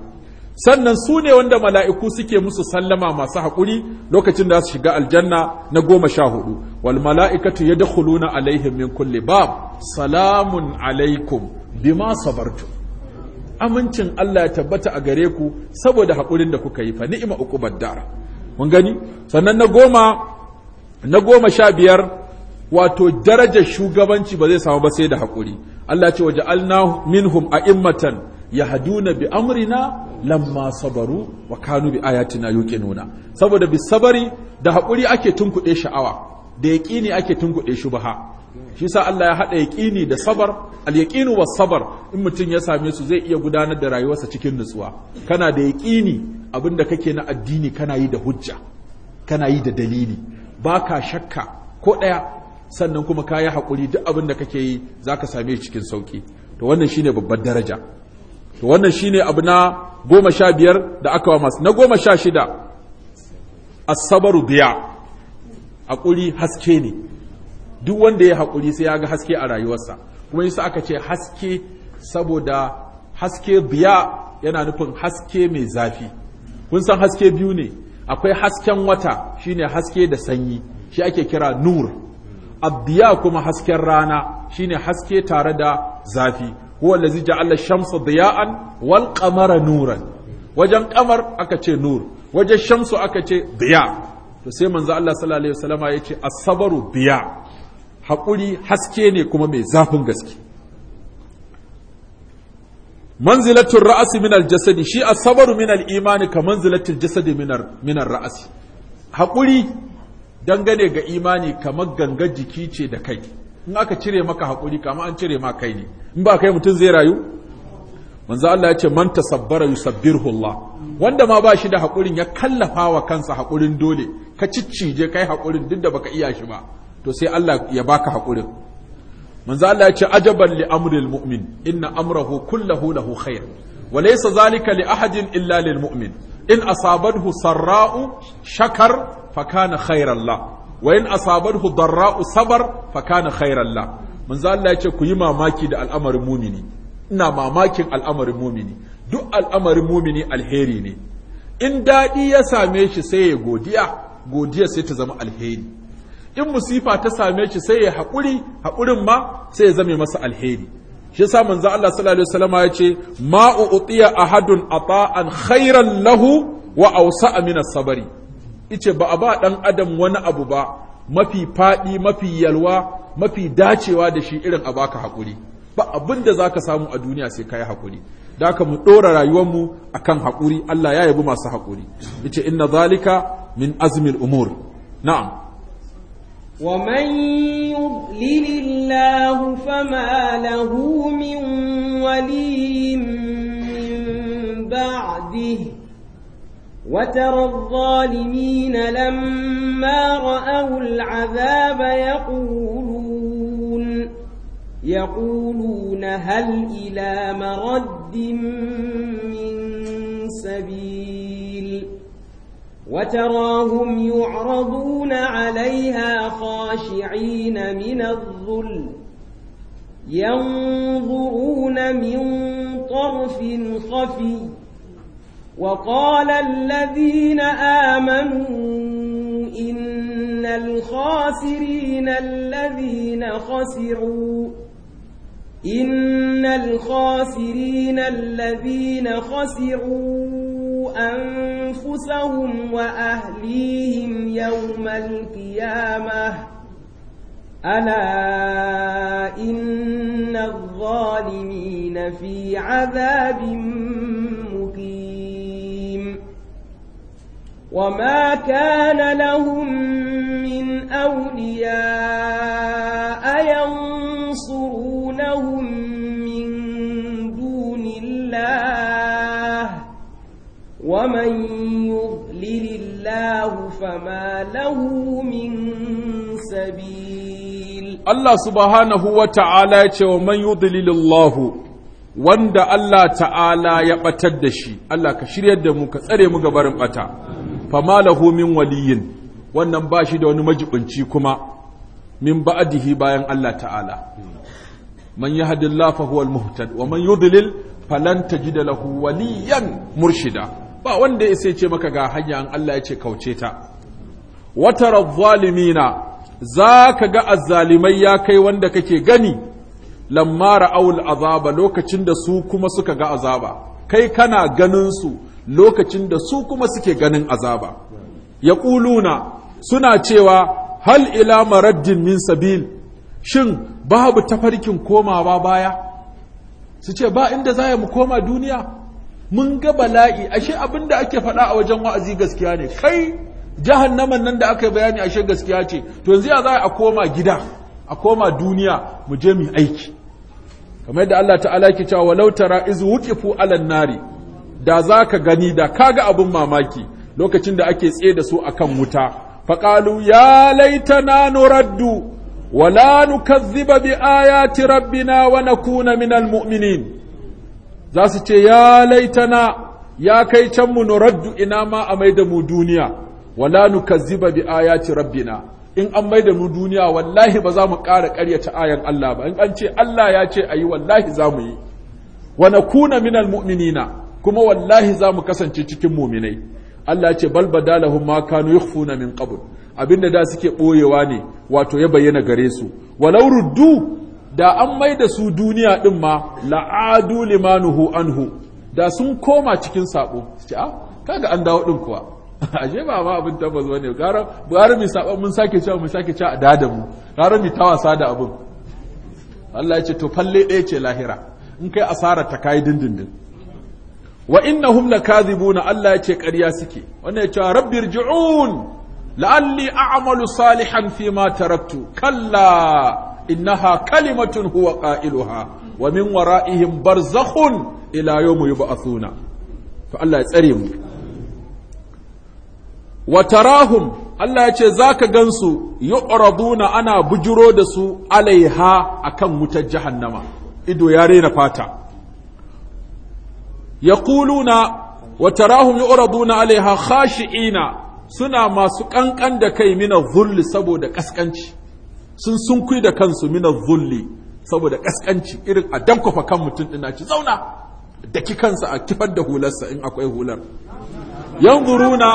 sannan su ne wanda mala'iku suke musu sallama masu haƙuri lokacin da su shiga aljanna na goma sha hudu wal mala'ikatu ya dakhuluna alaihim min kulle bab salamun alaikum bima sabartu amincin Allah ya tabbata a gare ku saboda haƙurin da kuka yi fa ni'ima uqubad dar mun gani sannan na goma na goma sha biyar wato darajar shugabanci ba zai samu ba sai da haƙuri Allah ce waje alna minhum a'immatan yahduna bi amrina lamma sabaru wa kanu bi ayatina yuqinuna saboda bi sabari da hakuri ake tunkuɗe sha'awa da yaqini ake tunkuɗe shubaha. shi sa Allah ya haɗa yaƙini da sabar al-yaqinu was sabar in mutum ya same su zai iya gudanar da rayuwarsa cikin nutsuwa kana da yaƙini abinda kake na addini kana yi da hujja kana yi da dalili baka shakka ko ɗaya sannan kuma kayi hakuri duk abinda kake yi zaka same shi cikin sauki to wannan shine babbar daraja to wannan shine abu na goma sha biyar da aka wa masu na goma sha shida sabaru biya haƙuri haske ne duk wanda ya haƙuri sai ya ga haske a rayuwarsa kuma yi aka ce haske saboda haske biya yana nufin haske mai zafi kun san haske biyu ne akwai hasken wata shine haske da sanyi shi ake kira nur biya kuma hasken rana shine haske tare da zafi huwa allazi ja'ala shamsa diya'an wal qamara nuran wajen qamar aka ce nur wajen shamsu aka ce diya to sai manzo Allah sallallahu alaihi wasallama yace as-sabru diya hakuri haske ne kuma mai zafin gaske manzilatul ra'asi min al-jasadi shi as-sabru min al-imani ka manzilatul jasadi min min ar-ra'asi hakuri dangane ga imani kamar gangar jiki ce da kai in aka cire maka haƙuri kama an cire ma kai ne in ba kai mutum zai rayu manzo Allah ya ce man tasabbara yusabbirhu Allah wanda ma ba shi da haƙurin ya kallafa wa kansa haƙurin dole ka ciccije kai haƙurin duk da baka iya shi ba to sai Allah ya baka haƙurin manzo Allah ya ce ajaban li amril mu'min inna amrahu kullahu lahu khair wa laysa zalika li ahadin illa lil mu'min in asabathu sarra'u shakar fa kana khairan lahu wa in asabarhu darra'u sabar Faka kana khairan la manzo Allah yace ku yi mamaki da al'amarin mumini ina mamakin al'amarin mumini duk al'amarin mumini alheri ne in daɗi ya same shi sai ya godiya godiya sai ta zama alheri in musifa ta same shi sai ya haƙuri haƙurin ma sai ya zame masa alheri shi yasa manzo Allah sallallahu alaihi ce, yace ma u'tiya ahadun ata'an khairan lahu wa awsa'a min as ice ba a ba ɗan adam wani abu ba mafi faɗi mafi yalwa mafi dacewa da shi irin a baka hakuri ba abin da za ka samu a duniya sai ka yi haƙuri da aka mu ɗora rayuwarmu a kan haƙuri Allah ya yabi masu haƙuri ice inna zalika min azmil umur na'am ومن يضلل الله فما له من ولي وترى الظالمين لما رأوا العذاب يقولون يقولون هل إلى مرد من سبيل وتراهم يعرضون عليها خاشعين من الظلم ينظرون من طرف خفي وقال الذين آمنوا إن الخاسرين الذين خسروا إن الخاسرين الذين خسروا أنفسهم وأهليهم يوم القيامة ألا إن الظالمين في عذاب وما كان لهم من أولياء ينصرونهم من دون الله ومن يضلل الله فما له من سبيل الله سبحانه وتعالى ومن يضلل الله wanda Allah ta'ala ya ɓatar da shi, Allah ka shirya da mu ka tsare mu gabarin ɓata. fama lahu min waliyin wannan ba shi da wani majibinci kuma min ba'adihi bayan Allah ta'ala man yahdillahu fa huwal muhtad wa man yudlil falan tajid lahu waliyan murshida ba wanda ya sai ce maka ga hanya an Allah ya ce kauce ta watara zalimina ka ga azzalimai ya kai wanda kake gani lamma aul azaba lokacin da su kuma suka ga azaba kai kana ganin su lokacin da su kuma suke ganin azaba ya ƙuluna suna cewa hal ila maraddin min sabil shin babu tafarkin komawa baya su ce ba inda za mu koma duniya mun ga bala'i ashe abinda ake faɗa a wajen wa'azi gaskiya ne kai jahannaman nan da aka yi bayani ashe gaskiya ce to yanzu ya za a koma gida a koma duniya mu je mu aiki kamar yadda Allah ta'ala ke cewa walau tara iz wuqifu alan nari da za ka gani da kaga abin mamaki lokacin da ake tsaye da su akan wuta faƙalu ya laita na nuraddu wala nukazziba bi ayati rabbina wa nakuna minal mu'minin za su ce ya laita na, ya kai can mu nuraddu ina ma a mai da mu duniya wala nukazziba bi ayati rabbina in an mai da mu duniya wallahi ba za mu ƙara ƙaryata ayan Allah ba in an ce Allah ya ce ayi wallahi za mu yi wa nakuna minal mu'minina kuma wallahi za mu kasance cikin muminai Allah ce bal badalahum ma kanu yukhfuna min qabl abinda da suke boyewa ne wato ya bayyana gare su walau ruddu da an maida su duniya din ma la'adu limanuhu anhu da sun koma cikin sabo ce ah, kaga an dawo din kuwa ashe ba ma abin tabbas bane gara gara mi mun sake cewa mun sake cewa da da mu gara mi ta wasa da abin Allah ce to falle ɗaya ce lahira in kai asara ta kai dindindin wa innahum lakadhibuna Allah yace ƙarya suke wannan yace rabbirji'un la'alli a'malu salihan fi ma taraktu kalla innaha kalimatun huwa qailuha wa min wara'ihim barzakhun ila yawmi yub'athuna to Allah ya tsare mu wa tarahum Allah yace zaka gansu yu'raduna ana bujuro da su alaiha akan wutar jahannama ido ya rena fata yaquluna wa tarahum yu'raduna 'alayha khashi'ina suna masu kankan da kai mina zulli saboda kaskanci sun sunkui da kansu mina zulli saboda kaskanci irin a fa kan mutum din ci zauna daki kansa a kifar da hularsa in akwai hular yanzuruna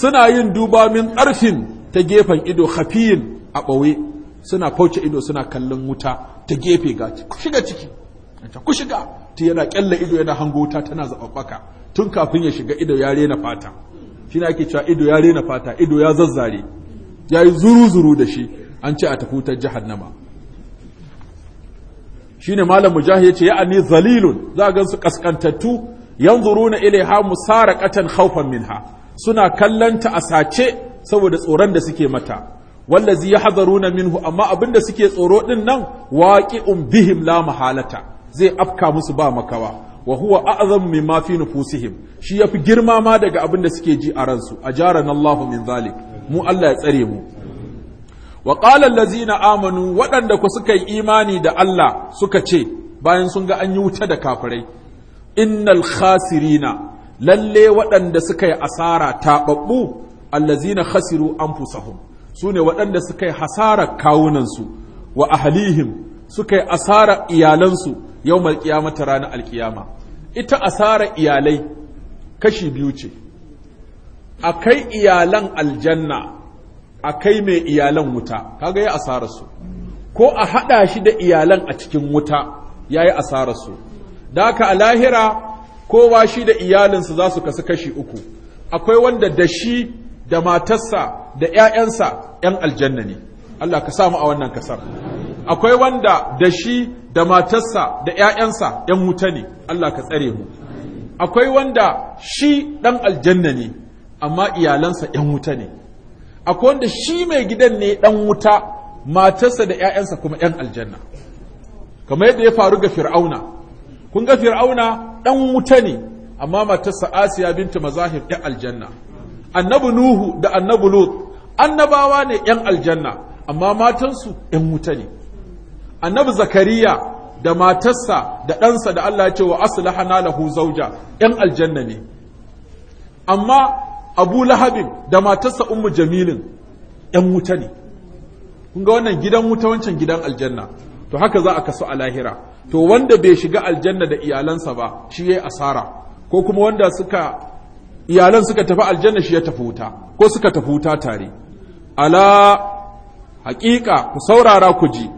suna yin duba min tsarfin ta gefen ido hafiyin a ɓoye suna fauce ido suna kallon wuta ta gefe ga ku shiga ciki ku shiga ta yana kyalla ido yana hango ta tana zaɓaɓɓaka tun kafin ya shiga ido ya rena fata shi ake cewa ido ya rena fata ido ya zazzare ya yi zuru-zuru da shi an ce a tafutar jihar jahannama shi ne malam mujahi ya ce ya ani zalilun za a gansu kaskantattu yanzuruna ilaiha haufan min ha suna kallanta a sace saboda tsoron da suke mata wallazi min minhu amma abinda suke tsoro din nan waƙi'un bihim la mahalata zai afka musu ba makawa wa huwa a'zam mafi fi nufusihim shi yafi girma ma daga abin da suke ji a ransu ajarana Allahu min zalik mu Allah ya tsare mu wa qala allazina amanu wadanda ku suka yi imani da Allah suka ce bayan sun ga an yi wuta da kafirai innal khasirina lalle waɗanda suka yi asara taɓaɓɓu allazina khasiru anfusahum su Sune waɗanda suka yi hasarar kawunansu wa ahlihim suka yi asarar iyalansu Yau yawmal ta ranar alkiyama ita asara iyalai kashi biyu ce akai iyalan aljanna akai mai iyalan wuta kaga ya asarar su ko a hada shi da iyalan a cikin wuta yayi asarar su da haka a lahira kowa shi da iyalinsa za su kasu kashi uku akwai wanda da shi da matarsa da ‘ya'yansa ‘yan aljanna ne Allah ka samu a wannan kasar akwai wanda da shi da matarsa da ‘ya'yansa ‘yan wuta ne Allah ka tsare mu akwai wanda shi ɗan aljanna ne amma iyalansa ‘yan wuta ne akwai wanda shi mai gidan ne ɗan wuta matarsa da ‘ya'yansa kuma ‘yan aljanna kamar yadda ya faru ga fir'auna kun ga fir'auna ɗan wuta ne amma matarsa asiya binta mazahir ‘yan aljanna annabi nuhu da annabi lut annabawa ne ‘yan aljanna amma matansu ‘yan wuta ne annabi zakariya da matarsa da ɗansa da Allah ya ce wa asulahana lahu zauja ‘yan aljanna ne amma abu lahabin da matarsa ummu jamilin ‘yan wuta ne kun ga wannan gidan wuta wancan gidan aljanna to haka za a kasu a lahira to wanda bai shiga aljanna da iyalansa ba shi yayi asara ko kuma wanda suka iyalan suka tafi aljanna shi ya tafi wuta ko suka tafi wuta tare ala haƙiƙa ku saurara ku ji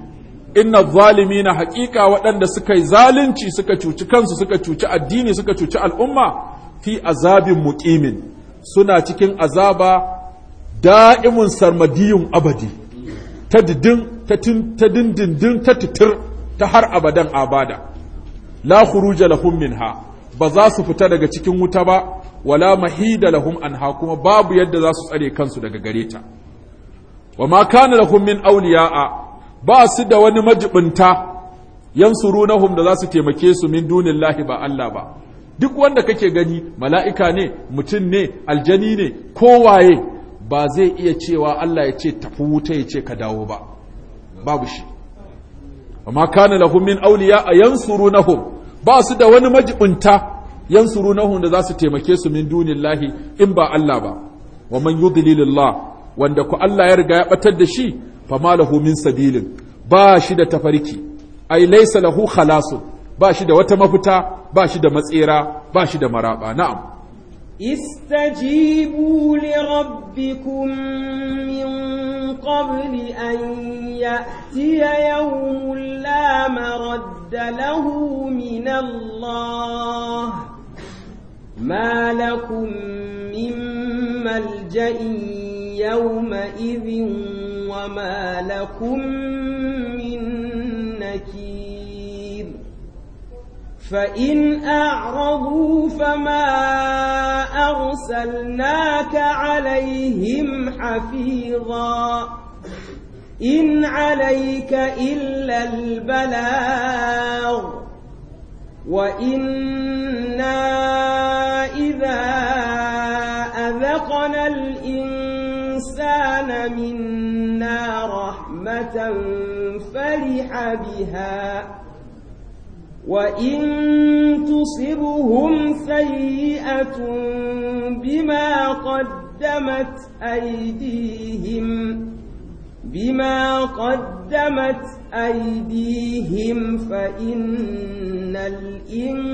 inna zalimina haƙiƙa waɗanda suka yi zalunci suka cuci kansu suka cuci addini suka cuci al'umma fi azabin muqimin suna cikin azaba da'imun sarmadiyun abadi ta didin ta dindindin ta titir ta har abadan abada la khuruja lahum minha ba za su fita daga cikin wuta ba wala mahida lahum anha kuma babu yadda za su tsare kansu daga gare ta wa ma kana lahum min awliya'a ba su da wani majibinta yansurunahum da za su taimake su min lahi ba Allah ba duk wanda kake gani mala'ika ne mutum ne aljani ne kowaye ba zai iya cewa Allah ya ce tafi wuta ya ce ka dawo ba babu shi amma kana lahum min awliya yansurunahum ba su da wani majibinta yansurunahum da za su taimake su min lahi in ba Allah ba wa man yudlilillah wanda ku Allah ya riga ya batar da shi fama lahu min sabilin ba shi da tafarki ai laysa lahu khalasun ba shi da wata mafita ba shi da matsera ba shi da maraba na'am استجيبوا لربكم من قبل أن يأتي يوم لا مرد له من الله ما لكم من ملجأ يومئذ وما لكم من نكير فإن أعرضوا فما أرسلناك عليهم حفيظا إن عليك إلا البلاغ وإنا إذا أذقنا الإنسان منا رحمة فرح بها وإن تصبهم سيئة بما قدمت أيديهم بما قدمت أيديهم فإن الإنسان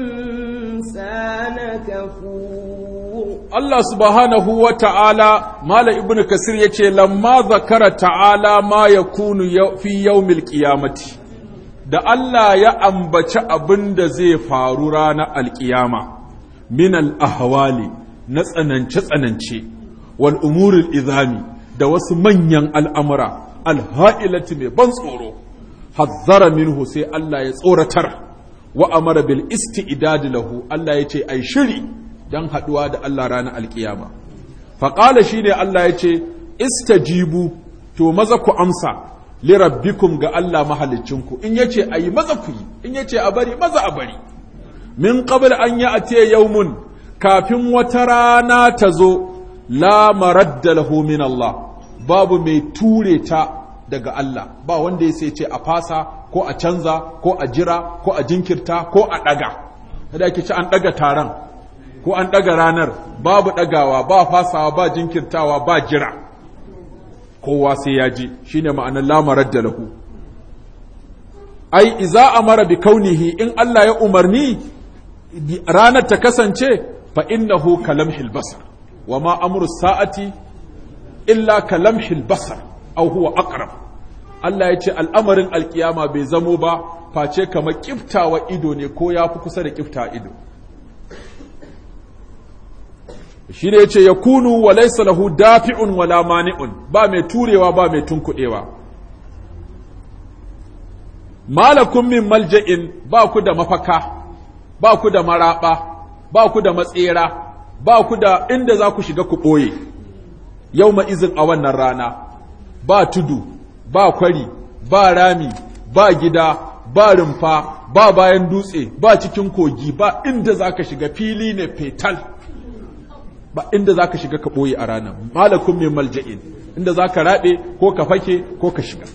كفور الله سبحانه وتعالى مال ابن كثير يتي لما ذكر تعالى ما يكون في يوم القيامة da Allah ya ambaci abin da zai faru ranar alƙiyama min al'ahawali na tsanance-tsanance wal umurul izami da wasu manyan al'amura alha'ilati mai ban tsoro hazzara minhu sai Allah ya tsoratar wa amara bil isti'dad lahu Allah yace ai shiri dan haɗuwa da Allah ranar alkiyama faƙala shi shine Allah yace jibu to maza ku amsa li rabbikum ga Allah mahalicinku in yace ayi maza ku yi in yace a bari maza a bari min qabl an yau mun kafin wata rana ta zo la maradda lahu min Allah babu mai ture ta daga Allah ba wanda ya sai ce a fasa ko a canza ko a jira ko a jinkirta ko a ɗaga da ake ce an ɗaga taron ko an ɗaga ranar babu ɗagawa ba fasawa ba jinkirtawa ba jira kowa sai ya ji shi ne ma'anar lamarar da lahu ai iza amara bi kaunihi in Allah ya umarni ranar ta kasance fa innahu kalam hilbasar wa ma sa'ati illa ka basar au huwa aqrab Allah ya ce al'amarin alkiyama bai zamo ba face kamar kiftawa ido ne ko ya fi kusa da kifta ido shi ne ya ce ya kunu wa laisa lahu dafi'un wala mani'un ba mai turewa ba mai tunkuɗewa malakun min malja'in ba ku da mafaka ba ku da maraɓa ba ku da matsera ba ku da inda za ku shiga ku ɓoye yau izin a wannan rana ba tudu ba kwari ba rami ba gida ba rumfa ba bayan dutse ba cikin kogi ba inda za ka shiga fili ne fetal ba inda za ka shiga ka ɓoye a ranar malakun min malja'in inda za ka raɓe ko ka fake ko ka shiga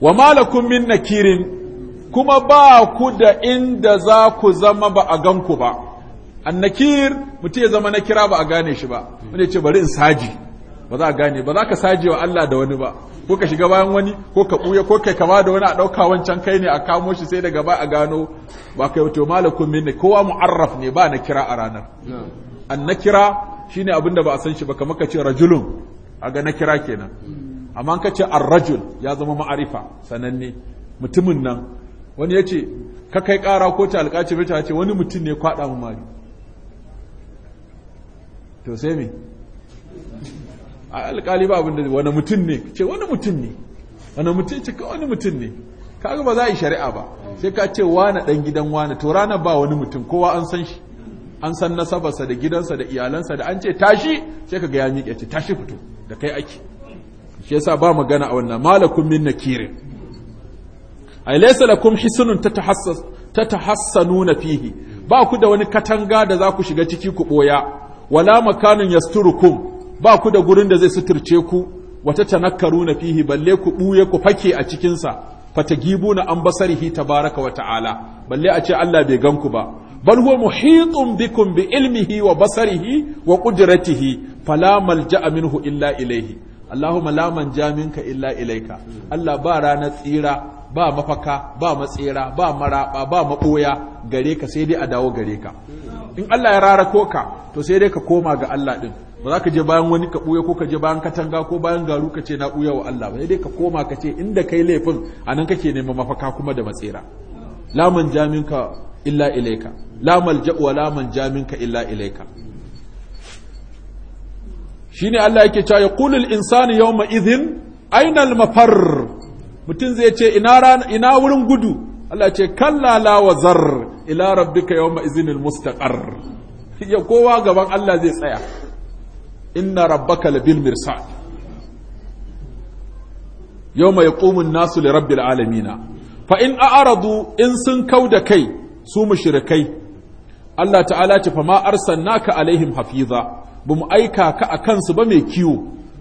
wa malakun min nakirin kuma ba ku da inda za ku zama ba a ganku ba annakir mutum ya zama na kira ba a gane shi ba wanda ya ce bari in saji ba za a gane ba za ka sajewa Allah da wani ba ko ka shiga bayan wani ko ka buya ko kai kama da wani a ɗauka wancan kai ne a kamo shi sai daga ba a gano ba kai wato malakun minni kowa mu'arraf ne ba na kira a ranar an na kira shine abin da ba a san shi ba kamar ka ce rajulun a ga na kira kenan amma ka ce ar-rajul ya zama ma'arifa sananne mutumin nan wani ya ce ka kai ƙara ko ta alƙaci ce wani mutum ne kwaɗa mu mari to sai me alƙali ba abinda wani mutum ne ce wani mutum ne wani mutum ce wani mutum ne kaga ba za a yi shari'a ba sai ka ce wani ɗan gidan wani to rana ba wani mutum kowa an san shi an san nasabarsa da gidansa da iyalansa da an ce tashi sai ka ga ya miƙe ce tashi fito da kai ake shi yasa ba magana a wannan malakun min nakirin ay laysa lakum hisnun tatahassas tatahassanuna fihi ba ku da wani katanga da za ku shiga ciki ku ɓoya. wala makanun yasturukum ba ku da gurin da zai suturce ku wata tanakkaru na fihi balle ku ɓuye ku fake a cikinsa fatagibu na an basarihi tabaraka wa ta'ala balle a ce Allah bai gan ku ba bal huwa muhitun bikum bi ilmihi wa basarihi wa qudratihi fala malja minhu illa ilayhi Allahumma la manja minka illa ilaika Allah ba rana tsira ba mafaka ba matsira ba maraba ba maboya gare ka sai dai a dawo gare ka in Allah ya rarako ka to sai dai ka koma ga Allah din ba za ka je bayan wani ka ɓuya ko ka je bayan katanga ko bayan garu ka ce na ɓuya wa Allah ba dai ka koma ka ce inda kai laifin a nan kake neman mafaka kuma da matsera laman jaminka illa ilaika lamal ja'uwa laman jaminka illa ilaika shine Allah yake cewa ya insani yawma idhin aina al-mafar mutum zai ce ina ran ina wurin gudu Allah ce kalla la wazar ila rabbika yawma idhin al-mustaqar ya kowa gaban Allah zai tsaya inna rabbaka labil mirsad yawma yaqumu an-nasu li rabbil alamin fa in a'radu in sun kauda kai su mushrikai Allah ta'ala ce fa ma arsalnaka alaihim hafiza bamu aika ka akan su ba mai kiwo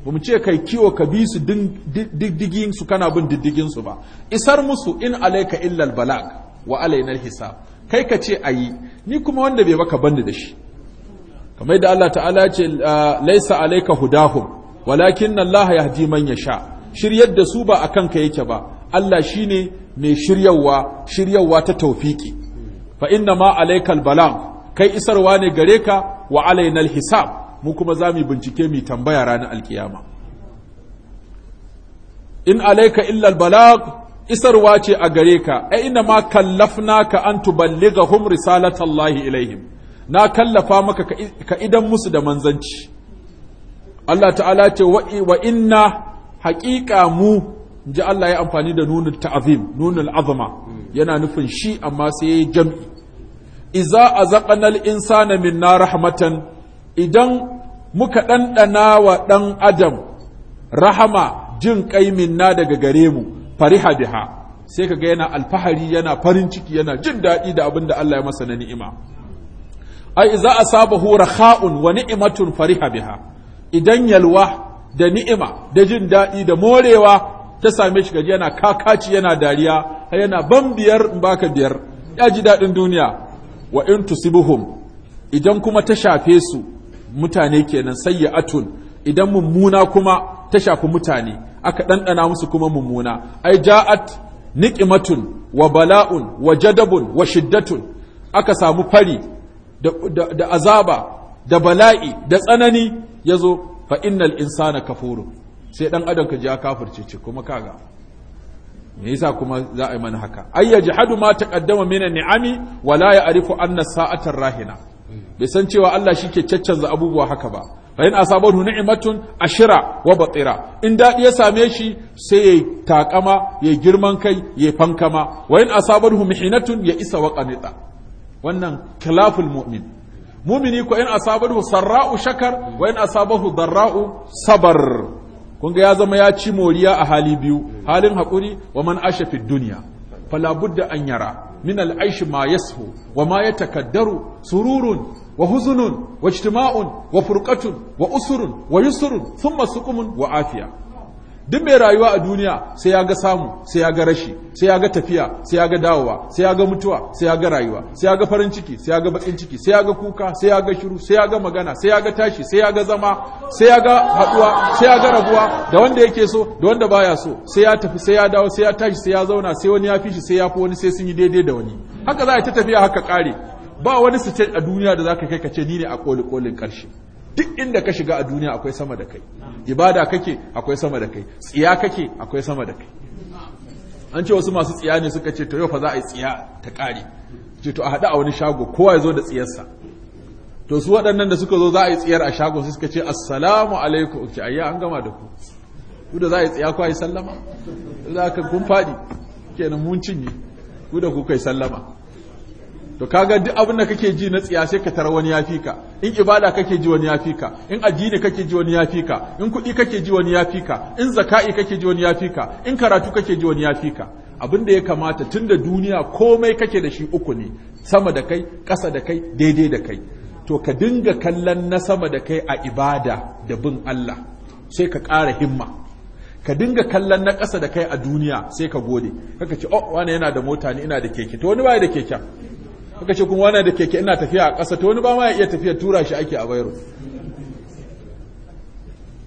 bamu ce kai kiwo ka bi su diddigin su kana bin diddigin su ba isar musu in alaika illa al-balag wa alaina al-hisab kai ka ce ayi ni kuma wanda bai baka bani da shi kamar da Allah ta'ala ce ah, laisa alayka hudahum walakin Allah yahdi man yasha shiryar da su ba akan ka yake ba Allah shine mai shiryawa shiryawa ta taufiki fa inna ma alaykal balam kai isarwa ne gare ka wa alainal hisab mu kuma zamu bincike mu tambaya ranar alkiyama in alayka illa albalag isarwa ce a gare ka ai inna ma ka an tuballighahum risalatallahi ilaihim na kallafa maka ka idan musu da manzanci Allah ta'ala ce wa inna haƙiƙa mu ji Allah ya amfani da nunul ta'azim nunul azama yana nufin shi amma sai ya jam'i iza azaqanal insana minna rahmatan idan muka ɗanɗana wa ɗan adam rahama jin kai minna daga gare mu fariha biha sai kaga yana alfahari yana farin ciki yana jin daɗi da abin da Allah ya masa na ni'ima ai za a saba hura kha'un wa ni'imatun fariha biha idan yalwa da ni'ima da jin daɗi da morewa ta same shi gaji yana kakaci yana dariya a yana ban biyar in baka biyar ya ji daɗin duniya wa in tusibuhum idan kuma ta shafe su mutane kenan atun idan mummuna kuma ta shafi mutane aka ɗanɗana musu kuma mummuna ai ja'at ni'imatun wa bala'un wa jadabun wa shiddatun aka samu fari da azaba da bala'i da tsanani ya zo fa innal insana kafuru sai dan adam ka ji ya kafirce ce kuma kaga me yasa kuma za a yi mana haka ay yajhadu ma taqaddama min ni'ami wa la ya'rifu anna sa'atar rahina bai san cewa Allah shike caccanza abubuwa haka ba fa in asabahu ni'matun ashira wa batira in dadi ya same shi sai ya takama ya girman kai yayi fankama wa in asabahu mihinatun ya isa wa qanita wannan khilaful mu'min mu'mini ko in asabahu sarra'u shakar wa in asabahu darra'u sabar kun ga ya zama ya ci moriya a hali biyu halin hakuri wa man asha fi dunya fala budda an yara min al'aishi ma yasfu wa ma yatakaddaru sururun wa wa wa yusrun thumma ثم wa afiya. duk mai rayuwa a duniya sai ya ga samu sai ya ga rashi sai ya ga tafiya sai ya ga dawowa sai ya ga mutuwa sai ya ga rayuwa sai ya ga farin ciki sai ya ga bakin ciki sai ya ga kuka sai ya ga shiru sai ya ga magana sai ya ga tashi sai ya ga zama sai ya ga haduwa sai ya ga raguwa da wanda yake so da wanda baya so sai ya tafi sai ya dawo sai ya tashi sai ya zauna sai wani ya fishi shi sai ya fi wani sai sun yi daidai da wani haka za a yi ta tafiya haka kare ba wani su ce a duniya da zaka kai ka ce ni ne a koli kolin karshe duk inda ka shiga a duniya akwai sama da kai ibada kake akwai sama da kai tsiya kake akwai sama da kai an ce wasu masu tsiya ne suka ce to yau fa za a yi tsiya ta kare ce to a haɗu a wani shago kowa ya zo da tsiyarsa to su waɗannan da suka zo za a yi tsiyar a shago su suka ce assalamu alaikum ce ayya an gama da ku ku da za a yi tsiya a yi sallama za ka kun faɗi kenan mun cinye ku da ku kai sallama to kaga duk abin da kake ji na tsiya sai ka tara wani ya fika in ibada kake ji wani ya fika in addini kake ji wani ya fika in kuɗi kake ji wani ya fika in zaka'i kake ji wani ya fika in karatu kake ji wani ya fika abin da ya kamata tun da duniya komai kake da shi uku ne sama da kai ƙasa da kai daidai da kai to ka dinga kallon na sama da kai a ibada da bin Allah sai ka ƙara himma ka dinga kallon na ƙasa da kai a duniya sai ka gode kaka ce oh wani yana da mota ne ina da keke to wani baya da keke. kaka ce kuma wani da keke ina tafiya a ƙasa to wani ba ma ya iya tafiya tura shi ake a bayro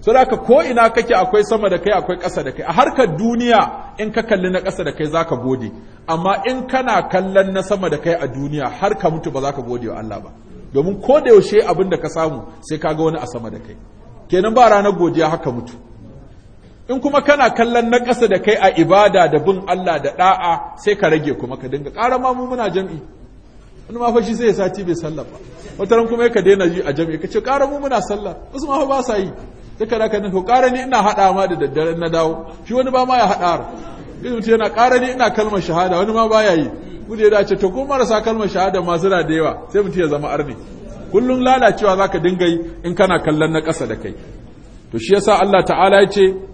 so da ko ina kake akwai sama da kai akwai ƙasa da kai a harkar duniya in ka kalli na ƙasa da kai za ka gode amma in kana kallon na sama da kai a duniya har ka mutu ba za ka gode wa Allah ba domin ko da yaushe abin da ka samu sai ka ga wani a sama da kai kenan ba ranar godiya haka mutu in kuma kana kallon na ƙasa da kai a ibada da bin Allah da da'a sai ka rage kuma ka dinga ƙara mu muna jam'i wani ma fashi sai ya sati bai sallah ba wata ran kuma ka daina ji a jami'a ka ce ƙara mu muna sallah wasu ma ba sa yi duka da ka nufi ƙara ni ina haɗa ma da daddare na dawo shi wani ba ma ya haɗa yanzu ce yana ƙara ni ina kalmar shahada wani ma ba ya yi gudu ya dace to ko marasa kalmar shahada masu suna da yawa sai mutum ya zama arni kullum lalacewa za ka dinga yi in kana kallon na ƙasa da kai to shi yasa Allah ta'ala ya ce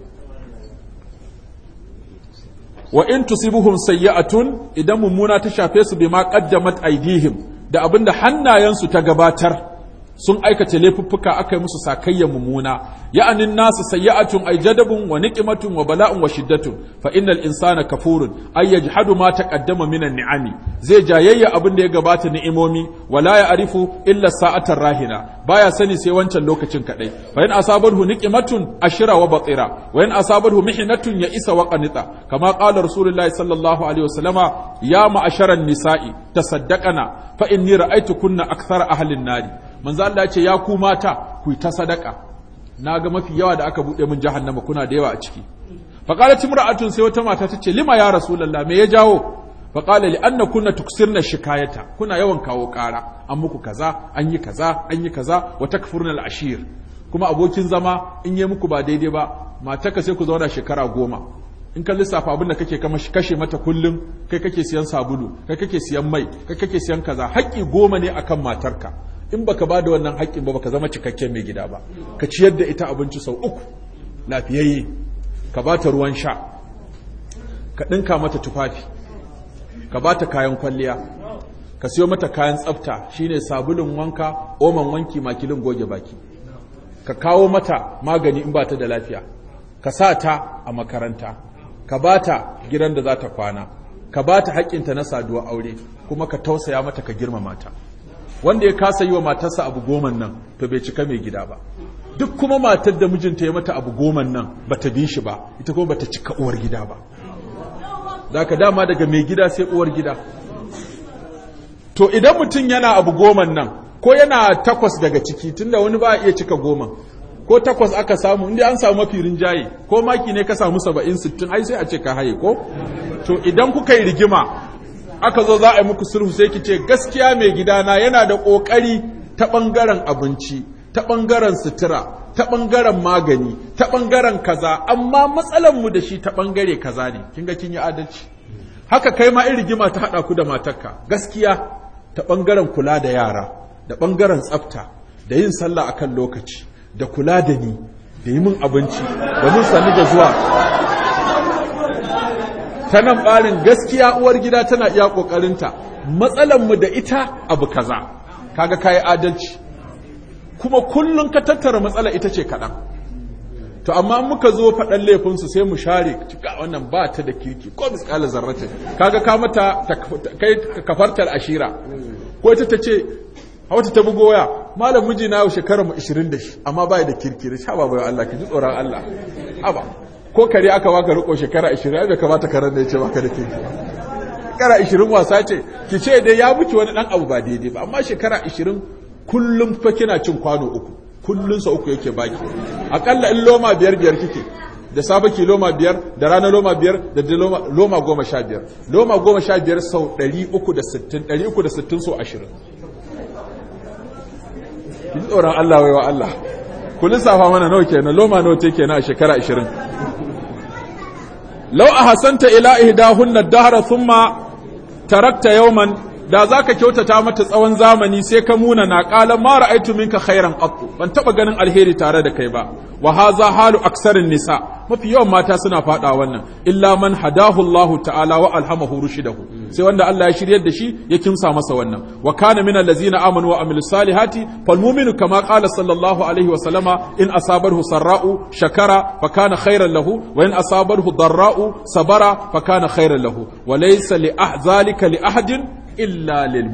wa in tusibuhum sayyi'atun idan mummuna ta shafe su bima qaddamat aydihim da abinda hannayensu ta gabatar sun aikace laifuffuka aka yi musu sakayya mummuna ya'anin nasu sayyi'atun ay jadabun wa niqmatun wa bala'un wa shiddatun fa innal insana kafurun ay yajhadu ma taqaddama minan ni'ami zai jayayya abin da ya gabata ni'imomi wala ya'rifu illa sa'atar rahina baya sani sai wancan lokacin kadai fa in asabarhu niqmatun ashira wa batira wa in asabarhu mihnatun ya isa wa qanita kama qala rasulullahi sallallahu alaihi wasallama ya ma'asharan nisa'i tasaddaqana fa inni ra'aytukunna akthara ahlin nari manzo Allah ya ce ya ku mata ku ta sadaka naga mafi yawa da aka bude min jahannama kuna da yawa a ciki fa qalat imra'atun sai wata mata tace lima ya rasulullah me ya jawo fa qala li anna kunna tuksirna shikayata kuna yawan kawo kara an muku kaza an yi kaza an yi kaza wa takfurna al-ashir kuma abokin zama in yi muku ba daidai ba matarka sai ku zauna shekara goma in ka lissafa abin da kake kashe mata kullum kai kake siyan sabulu kai kake siyan mai kai kake siyan kaza haƙƙi goma ne akan matarka in baka ba da wannan haƙƙin ba baka zama cikakken mai gida ba ka ciyar da ita abinci sau uku lafiyayye ka ba ta ruwan sha ka ɗinka mata tufafi ka ba ta kayan kwalliya ka siyo mata kayan tsafta shine sabulun wanka oman wanki makilin goge baki ka kawo mata magani in ba ta da lafiya ka sa ta a makaranta ka ba ta gidan da za ta kwana ka ba ta haƙƙinta na saduwa aure kuma ka tausaya mata ka girmama ta wanda ya kasa yi wa matarsa abu goman nan to bai cika mai gida ba duk kuma matar da mijinta ya mata abu goman nan bata bi shi ba ita kuma bata cika uwar gida ba ka dama daga mai gida sai uwar gida to idan mutum yana abu goman nan ko yana takwas daga ciki tunda wani ba a iya cika goma ko takwas aka samu inda an samu mafi rinjaye ko maki ne ka samu saba'in sittin ai sai a ce ka haye ko to idan kuka yi rigima aka zo za a yi muku sulhu sai ki ce gaskiya mai gidana yana da ƙoƙari ta ɓangaren abinci ta ɓangaren sutura ta ɓangaren magani ta ɓangaren kaza amma mu da shi ta ɓangare kaza ne kin ga kin yi adalci haka kai ma rigima ta haɗa ku da matarka gaskiya ta ɓangaren kula da yara da ɓangaren tsafta da yin sallah akan lokaci da kula da ni da yi min abinci da mun sani da zuwa ta nan ɓarin gaskiya uwar gida tana iya ƙoƙarinta mu da ita abu kaza kaga yi adalci kuma kullum ka tattara matsala ita ce kaɗan to amma muka zo faɗan laifinsu sai mu share cika wannan ba ta da kirki ko miskala zarrata kaga ka mata kai kafartar ashira ko ita ta ce hauta ta bugo waya malam mijina shekara mu 20 da shi amma bai da kirki da shi ba Allah ki ji tsoron Allah haba ko kare aka waka riko shekara 20 bai kamata karen da ya ce baka da keke shekara 20 wasa ce ki ce dai ya miki wani dan abu ba daidai ba amma shekara 20 kullum fa kina cin kwano uku kullun sa uku yake baki akalla in loma biyar biyar kike da safa ki loma biyar da rana loma biyar da loma loma goma sha biyar loma goma sha biyar sau 360 360 sau 20 ki tsoron Allah wai wa Allah kullun safa mana nawa kenan loma nawa take kenan a shekara 20 lau a hasanta ila ihdahunna dahra thumma tarakta yawman da zaka kyautata mata tsawon zamani sai ka muna na qala ma ra'aytu minka khairan qattu ban taɓa ganin alheri tare da kai ba Wahaza halu aksarin nisa mafi yawan mata suna fada wannan illa man hadahu Allah ta'ala wa alhamahu hu. sai wanda Allah ya shiryar da shi ya kimsa masa wannan Wakana mina min amanu wa amilus salihati fal mu'minu kama kala sallallahu alaihi wa sallama in asabarhu sarra'u shakara fa kana khairan lahu wa in asabarhu darra'u sabara fa kana khairan lahu wa laysa li ah-, li ahadin illa lil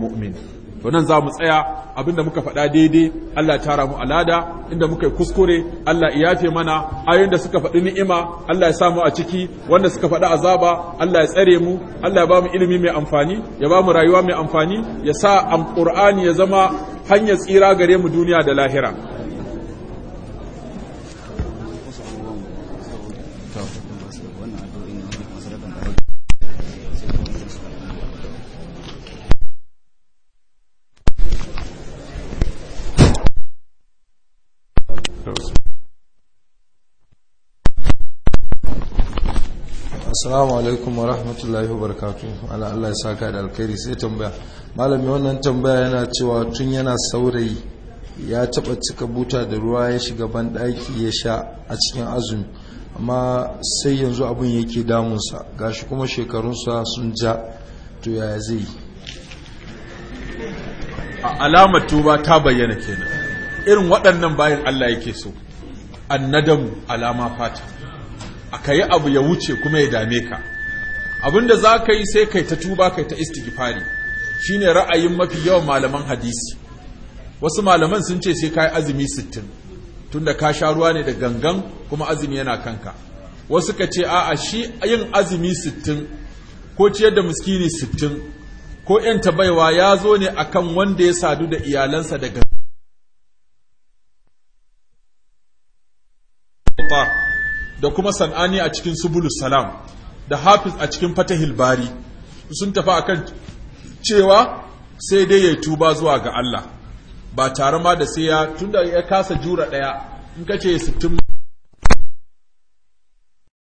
to nan za mu tsaya abinda muka faɗa daidai Allah tara mu alada inda muka yi kuskure Allah ya yafe mana ayoyin da suka faɗi ni'ima Allah ya samu a ciki wanda suka faɗi azaba Allah ya tsare mu Allah ya ba mu ilimi mai amfani ya ba mu rayuwa mai amfani ya sa Qur'ani ya zama hanyar tsira gare mu duniya da lahira Assalamu alaikum wa rahmatullahi wa barakatu ala Allah ya saka da alkhairi sai tambaya malami wannan tambaya yana cewa tun yana saurayi ya taba cika buta da ruwa ya shiga ban ya sha a cikin azumi amma sai yanzu abin yake damunsa gashi kuma shekarunsa sun ja to ya zai yi alamar tuba ta bayyana kenan irin waɗannan bayan Allah yake so annadamu alama fata ka yi abu ya wuce kuma ya dame ka abinda za ka yi sai kai ta tuba kai ta istighfari shine ra'ayin mafi yawan malaman hadisi wasu malaman sun ce sai ka yi azumi sittin tunda ka sha ruwa ne da gangan kuma azumi yana kanka wasu ka ce a'a shi yin azumi sittin ko ciyar da miskini sittin ko ‘yan tabaiwa ya zo ne akan wanda ya sadu da iyalansa da gangan da kuma san'ani a cikin subulus salam da hafiz a cikin fatahil bari sun tafi akan cewa sai dai ya tuba zuwa ga Allah ba tare ma da sai ya tunda ya kasa jura daya in kace 60